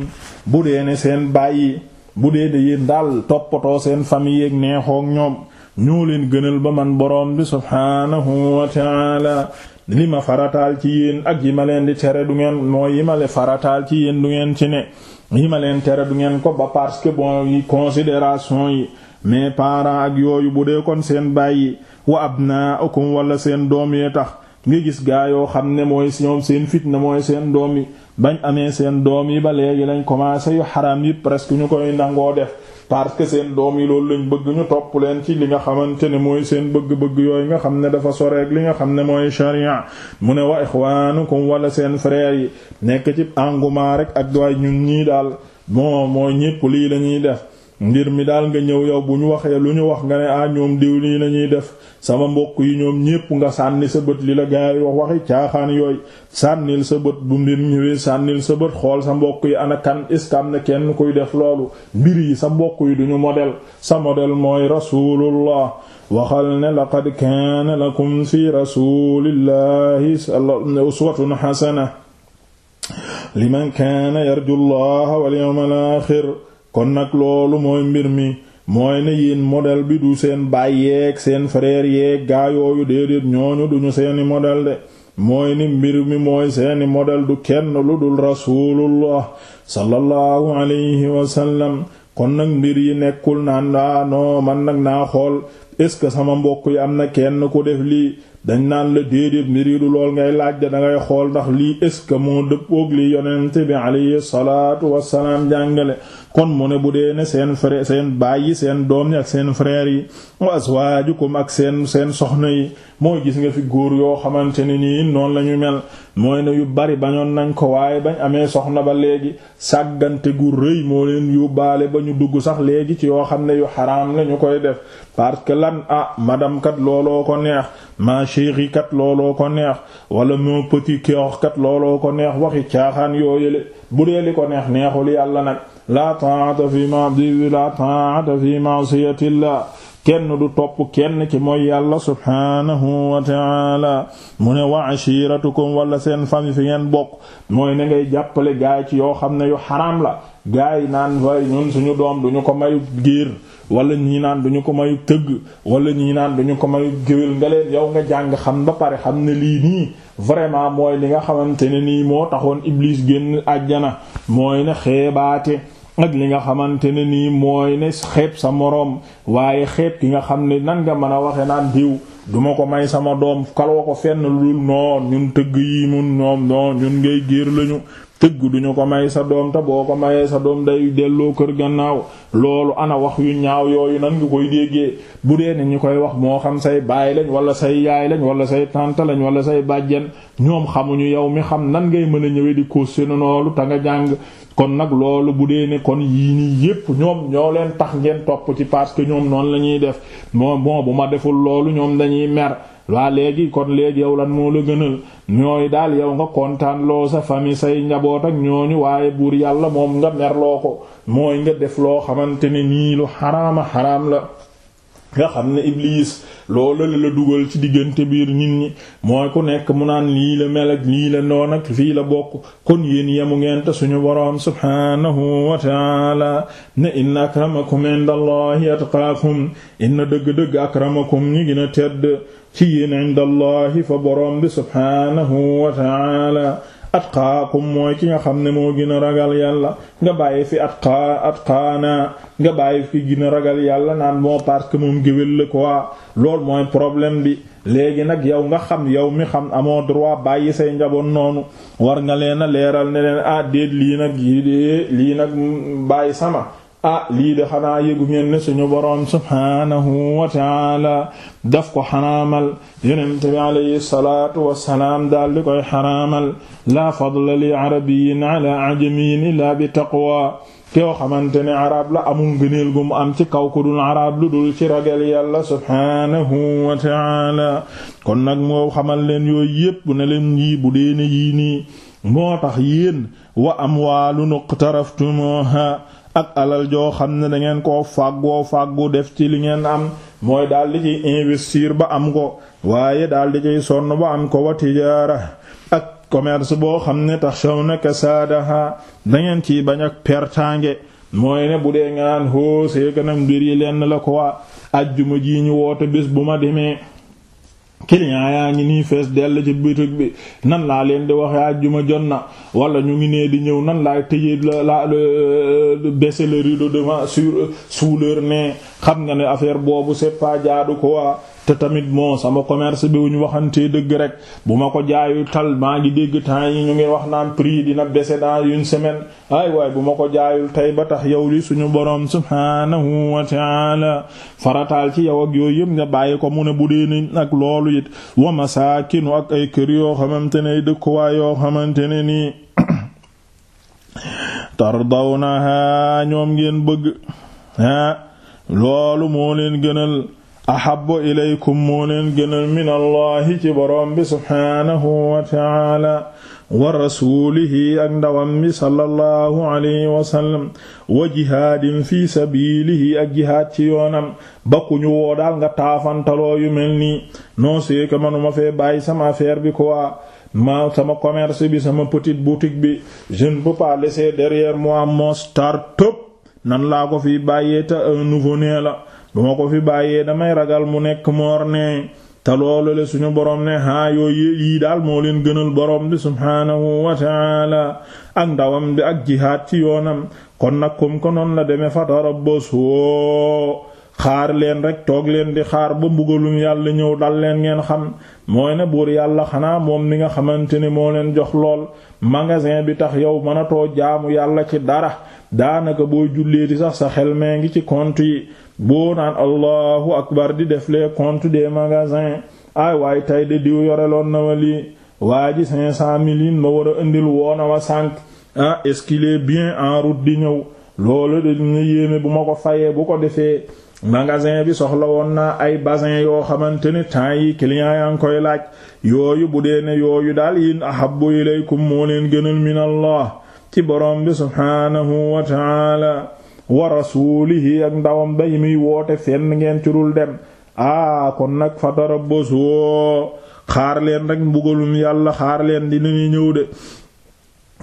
bu dee ne seen bàyyi bu dee de yéen daal toppatoo seen fami ak neexook ñoom ñoo leen gënal ba man boroom bi subhaanahu wa li ma farataal ci yéen ak yi ma leen di tere du ngeen mooy yi ma farataal ci yéen du ngeen ci ne yi ma leen tere du ngeen ko ba parce que bon yi considération yi mais parents ak yooyu bu dee kon seen bàyyi wa abnaakum wala seen doom yee tax nga gis gaa yoo xam ne mooy ñoom seen fitna mooy seen doom yi bañ amee seen doom yi ba léegi lañ commencé yu xaram yi presque ñu koy nangoo def parce que seen doom yi loolu lañ bëgg ñu topp leen ci li nga xamante ne mooy seen bëgg-bëgg yooyu nga xam ne dafa soreek li nga xam ne mooy sharia mu ne wa ixwanukum wala seen frère yi nekk ci engouement rek ak doy ñun ñii daal bon mooy ñépp lii lañuy def ngir mi daal nga ñëw yow bu ñu waxee lu ñu wax nga ne ah ñoom diw lii nañuy def sama mbokk yi ñoom ñépp nga sànni sa bët li la gaa yi wax waxi caaxaan yooyu sànnil sa bët bu mbir ñëwee sànnil sa bët xool sa mbokk yi ana kan est am na kenn kuy def loolu mbir yi sa mbokk yi duñu model sa model mooy rasulullah waxal ne laqad kaana lakum fi rasulillahi uswatun hasana liman kaana yarju llaha wal yawmal aaxir kon nag loolu mooy mbir mi mooy ne yéen modèle bi du seen baay yeek seen frère yeeg gaa yooyu déedéet ñooñu duñu seeni model de mooy ni mbir mi mooy seeni modèle du kenn lu dul rasulullah sallallahu alayhi wasallam kon nag mbir yi nekkul naan daa ah, non man nag naa xool est ce que sama mbokk yi am na kenn ku def lii dañ naan la déedéet mbir yi du lool ngay laaj da ngay xool ndax lii est ce que moo dëppoog li yonent bi alayhi salaatu wasalaam jàngale kon mu ne bu dee ne seen frère seen baay yi seen doom yi ak seen frère yi wa azwaajukum ak seen seen soxna yi mooy gis nga fi góor yoo xamante ne nii noonu la ñu mel mooy ne yu bari bañoon nan ko waaye bañ amee soxna ba léegi sàggante gu rëy moo leen yóbbaale ba ñu dugg sax léegi ci yoo xam ne yu xaraam lañu ñu koy def parce que lan ah madame kat looloo ko neex ma chérie kat looloo ko neex wala mon petit cœur kat looloo ko neex waxi caaxaan yoo yële bu li ko neex neexul yàlla nag laa ta'ata fi ma'di laa ta'ata fi ma'siyatillah kenn du topp kenn ci mooy yàlla subhanahu wa ta'ala mu ne wa ashiratukum wala seen famille fi ngeen bokk mooy na ngay jàppale gaay ci yoo xam ne yu xaraam la gaay naan way ñun suñu doom duñu ko may giir wala ñii naan duñu ko may tëgg wala ñii naan duñu ko mayu géwél nga leen yow nga jàng xam ba pare xam ne lii nii vraiment mooy li nga xamante ne nii moo taxoon Iblis génn àjjana mooy ne xeebaate ak li nga xamante ne nii mooy ne xeeb sa moroom waaye xeeb ki nga xam ne nan nga mën a waxe naan diw duma ko may sama doom kalwa ko fenn lu dul noon ñun tëgg yi mun ñoom non ñun ngay géer lañu tëgg duñu ko may sa doom te boo ko mayee sa doom day delloo kër gannaaw loolu ana wax yu ñaaw yooyu nan nga koy déggee bu dee ne ñu koy wax moo xam say baay lañ wala say yaay lañ wala say tante lañ wala say bàjjen ñoom xamuñu yow mi xam nan ngay mën a ñëwee di ko seen loolu jàng kon nag loolu bu dee ne kon yii nii yépp ñoom ñoo leen tax ngeen topp ci parce que ñoom noonu la ñuy def bon bon bu ma deful loolu ñoom lañuy mer waa léegi kon léegi yow lan moo la gënal ñooy daal yow nga kontaan loo sa famille say njaboot ak ñooñu waaye buur yàlla moom nga merloo ko mooy nga def loo xamante ne nii lu xaraama xaraam la nga xam ne Iblis. loola la dugal ci diggante biir nit ñi mooy ku nekk mu naan lii la mel ak lii la noon ak fii la bokk kon yéen yemu ngeen suñu boroom subhaanahu wa taala ne inna akramakum indallahi atqaakum inna dëgg-dëgg akramakum ñi gën a tedd ci yéen indallahi fa boroom bi subhaanahu wa taala atqaakum mooy ki nga xam ne moo gën a ragal yàlla nga bàyyi fi atqaa atqaana nga bàyyi fi gën a ragal yàlla naan moo parce que moom géwél la quoi loolu mooy problème bi léegi nag yow nga xam yow mi xam amoo droit bàyyi say njaboot noonu war nga leen leeral ne leen ah déet lii nag yi lii nag bàyyi sama Ah, lii de xanaa yëgu ngeen ne suñu borom subhaanahu wa taala daf ko xaraamal yonent bi alayhi salaatu wassalaam daal di koy xaraamal fadla li arabiyin ala ajamiyin illaa bi taqwa koo xamante ne arab la amul ngëneel gu mu am ci kaw ku dul arab lu dul ci ragal yàlla subhaanahu wa taala kon nag moo xamal leen yooyu yépp ne leen bu deen yii nii tax yéen wa amwaalun iqtaraftumuha ak alal joo xam ne dangeen koo fàggoo fàggu def ci li ngeen am mooy daal di ciy investir ba am ko waaye daal di ciy sonn ba am ko wa tijaara ak commerce boo xam ne tax shaw na kasaadaha dangeen ciy bañ ak pertange mooy ne bu dee nga naan hóo seekanam mbir yi lenn la ko waa ajjuma ji ñu woote bés bu ma demee client yaa ngi nii fees dell ci bitig bi nan laa leen di waxee àjjuma jot na wala ñu ngi nee di ñëw nan laay tëjee la la baisser le rideau devant sur sous leur nez xam nga ne affaire boobu c'est pas jaadu quoi te tamit moo sama commerce bi wuñ waxantee dëgg rek bu ma ko jaayu tal maa ngi dégg temps yi ñu ngi wax naan prix dina baisser dans une semaine ay waay bu ma ko jaayul tey ba tax yow li suñu boroom subhanahu wa ta'ala farataal ci yow ak yooyu yëpp nga bàyyi ko mu ne bu dee ni ak loolu it wa masaakinu ak ay kër yoo xamante ne dëkkuwaay yoo xamante ne nii tardawnaha ñoom ngeen bëgg ah loolu moo leen gënal ahabbu ilaykum moo leen gënal min allahi ci boroom bi subhaanahu wa taala wa rasuulihi ak ndawam bi alayhi wa wa jihaadin fi sabilihi ak jihaad ci yoonam bakkuñu woo daal nga taafantaloo yu mel nii non c'est manuma fee bàyyi sama affaire bi quoi sama commerce bi sama petite boutique bi je ne peux pas moi mon start-up fi bàyyee te bu ma ko fi bàyyee damay ragal mu nekk moor ne te loolu suñu borom ne haa yooyu yii daal moo leen gënal boroom bi subhaanahu wa taala ak ndawam bi ak jihaad ci yoonam kon nag kom ko noonu la demee fatarabbasu xaar leen rek toog leen di xaar ba mbugalum yàlla ñëw dal leen ngeen xam mooy ne buur yàlla xanaa moom ni nga xamante ni moo leen jox lool magasin bi tax yow mënatoo jaamu yàlla ci dara daanaka boo julleeti sax sa xel mee ngi ci compte yi boo naan allahu akbar di def les comptes des magasins ay waaye tay de diw yoreloon na ma lii waa ji cinq cent ma war a indil woona ma sànq a ah, est-ce bien en route di ñëw loolu de yéeme bu ma ko fayee bu ko defee magasin bi soxla woon naa ay basin yoo xamante ne temps yi client yaa ngi koy laaj yooyu bu dee ne yooyu daal yi yin ahabbu ilaykum moo leen gënal min allah ci borom bi subhaanahu wa taala wa rasuulihi ak ndawam bay muy woote fenn ngeen ci dul dem aa ah, kon nag fatarabbasu xaar leen rek mbugalum yàlla xaar leen di ni ñëw de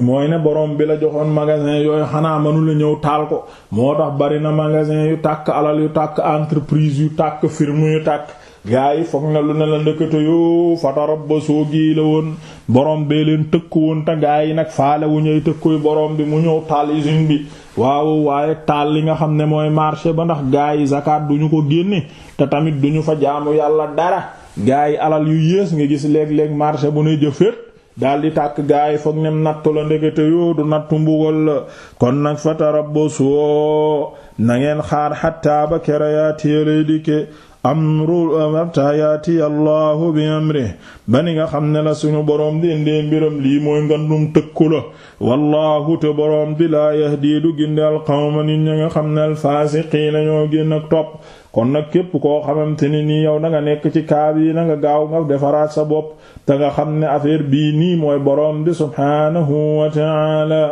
mooy ne borom bi la joxoon magasin yooyu xanaa mënu la ñëw taal ko moo tax bari na magasin yu tàkk alal yu tàkk entreprise yu tàkk firme yu tàkk gaa yi foog na lu ne la ndëkkato yoo fatarabbasu gii la woon borom bee leen tëkku woon te gaa yi nag faale wu ñuy tëkkuy borom bi mu ñëw taal usine bi waaw waaye taal li nga xam ne mooy marché ba ndax gaa yi zakat duñu ko génne te tamit du ñu fa jaamu yàlla dara gaa yi alal yu yées nga gis léeg-léeg marché bu ne jëfeet daal di tàkk gaa yi foog ne nattu la ndekete yoo du nattu mbugal la kon nag fatarabbasu na ngeen xaar xattaa ba kera yaa téelay amru hatta allahu bi amri ba ni nga xam ne la suñu boroom di indee mbiram lii mooy ngandum tëkku la wallahu te boroom bi laa yahdi du gindi alqawma nit nga xam ne alfaasiqiina ñoo génn ak topp kon nag képp koo xamante ni nii yow da nekk ci kaab yi na nga gaaw nga defaraat sa bopp te nga xam ne affaire bii nii mooy boroom bi subhaanahu wa ta'ala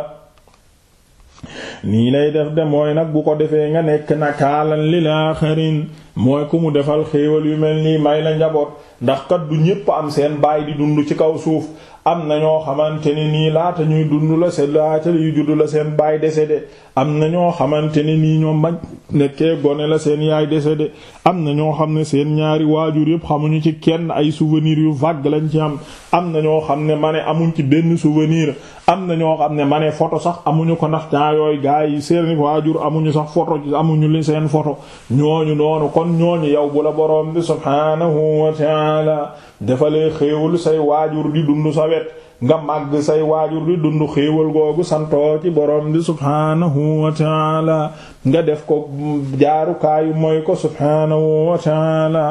nii lay def de mooy nag bu ko defee nga nekk nakaalan lil aaxirin mooy ku mu defal xéewal yu mel nii may na njaboot ndax kat du ñépp am seen baay di dund ci kaw suuf am na ñoo xamante ne nii laata ñuy dund la seen laata yu juddu la seen baay décédé am na ñoo xamante ne nii ñoom bañ nekkee gone la seen yaay décédé am na ñoo xam ne seen ñaari waajur yëpp xamuñu ci kenn ay souvenirs yu vague lañ ci am am na ñoo xam ne ma ne amuñ ci benn souvenir am na ñoo xam ne ma ne sax amuñu ko ndax temps yooyu gars yi seen waajur amuñu sax photo amuñu li seen photo ñooñu noonu kon ñooñu yow bu la borom bi subhanahu wa ta'ala dafa lay xéewul say waajur di dund sawe nga màgg say waajur di dund xéewal googu santoo ci borom bi subhaanahu wa taala nga def ko jaarukaayu mooy ko subhaanahu wa taala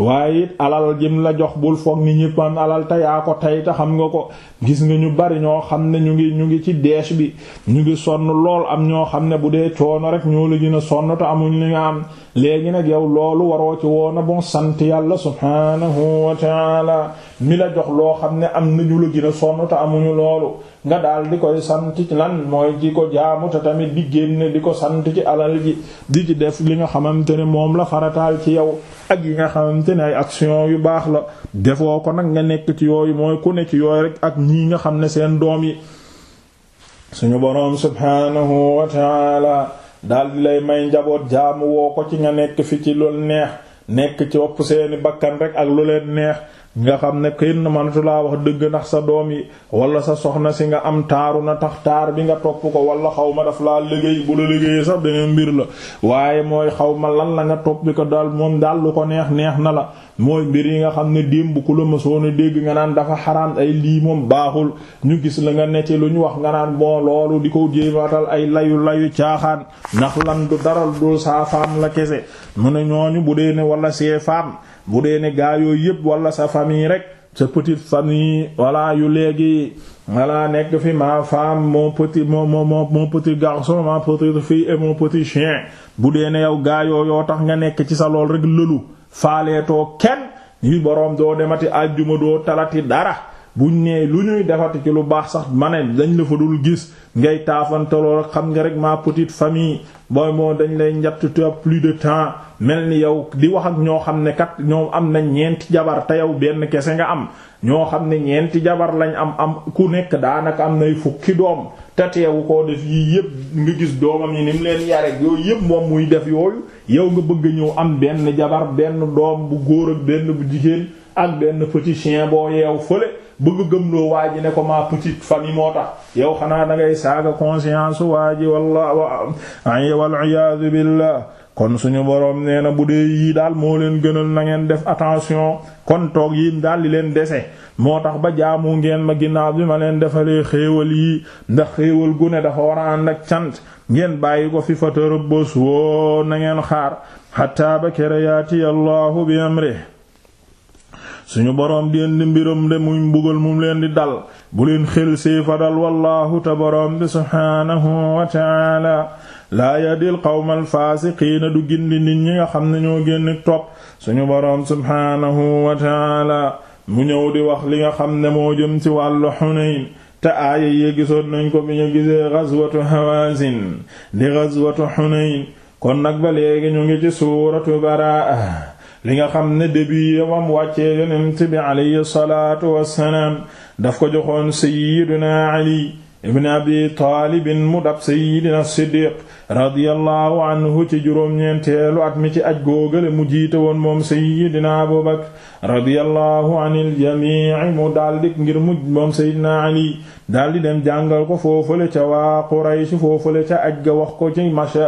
waaye it alal jim la jox bul foog ni ñépp am alal te yaa ko tey te xam nga ko gis nga ñu bari ñoo xam ne ñu ngi ñu ngi ci dees bi ñu ngi sonn lool am ñoo xam ne bu dee coono rek ñoo la gën sonn te amuñ li nga am léegi nag yow loolu waroo ci woona bon sant yàlla subhaanahu wa taala mi la jox loo xam ne am nañu la gën a sonn te amuñu loolu nga daal di koy sant ci lan mooy di ko jaamu te tamit di génne di ko sant ci alal ji di ci def li nga xamante ne moom la farataal ci yow ak yi nga xamante ne action yu baax la defoo ko nag nga nekk ci yooyu mooy ku ne ci yooyu rek ak ñii nga xam ne seen doom yi suñu boroom subhaanahu wa daal di lay may njaboot jaamu woo ko ci nga nekk fi ci lu neex nekk ci wopp seeni bakkan rek ak lu leen neex nga xam ne kenn mënatu laa wax dëgg ndax sa doom yi wala sa soxna si nga am taaru na tax taar bi nga topp ko wala xaw ma daf laa liggéey sax beneen mbir la waaye mooy xaw ma lan la nga topp ko daal moom daal lu ko neex neex na la mooy mbir yi nga xam ne démb ku la mësoon a dégg nga naan dafa xaraam ay lii moom baaxul ñu gis la nga ne ci lu ñu wax nga naan bon loolu di ko jéematal ay layu layu caaxaan ndax lan du daral dul saa faam la kese mu ne ñooñu bu dee ne wala see faam bu dee ne gaa yooyu yépp wala sa famille rek sa petite famille wala yu léegi wala nekk fi ma femme mon petit moo mon mon petit garçon ma petite fille et mon bu dee ne yow gaa yoo yoo tax nga nekk ci sa lool rek lëlu faaleetoo kenn yi boroom doo demati àjjuma doo talati dara buñ nee lu ñuy defati ci lu baax sax ma dañ la fa dul gis ngay taafantaloo ak xam nga rek ma petite famille booy moom dañ lay njatt tu plus de temps mel ni yow di wax ak ñoo xam ne kat ñoom am nañ ñeenti jabar te yow benn kese nga am ñoo xam ne ñeenti jabar lañ am am ku nekk daanaka am nay fukki doom te teewu koo def yii yépp nga gis doomam yi ni mu leen yare yooyu yépp moom muy def yooyu yow nga bëgg ñëw am benn jabar benn doom bu góor ak benn bu jigéen ak benn petit chien boo yeew fële bëgg gëmloo waa ji ne ko ma petite famille moo tax yow xanaa da ngay saaga conscience waa ji walla wa ay wal iyaadu billah kon suñu boroom nee na bu dee yii daal moo leen gënal nangeen def attention kon toog yi daal di leen dese moo tax ba jaamu ngeen ma ginnaaw bi ma leen defalee xéewal yi ndax xéewal gune dafa war a ànd ak cant ngeen bàyyi ko fi fatarëbbas woo na ngeen xaar xatta ba kere yaati allahu bi amri suñu boroom di indi mbiram de muy mbugal mum leen di dal bu leen xel see fa dal wallaahu te boroom bi subhaanahu wa taala laa yadil qawmal faasiqiina du gindi nit ñi nga xam ne ñoo génn topp suñu boroom subhaanahu wa taala mu ñëw di wax li nga xam ne moo jëm ci wàllu Xunayn te aaya yi gisoon nañ ko bi ñu gisee gazwatu Hawaazin di gazwatu Xunayn kon nag ba léegi ñu ngi ci suuratu Baraa li nga xam ne début yi wam wàccee yonent bi alayhi salaatu wassalaam daf ko joxoon sayyidina ali ibn abi taalibin mu dab sayyidina siddiq radiyallahu anhu ci juróom-ñeenteelu at mi aj googale mu jiite woon moom sayyidina abu bakar radiyallahu anil jamii mu daldi ngir mu moom sayyidina ali daldi dem jàngal ko foofale ca waa quraysh foofale ca aj ga wax ko ci masha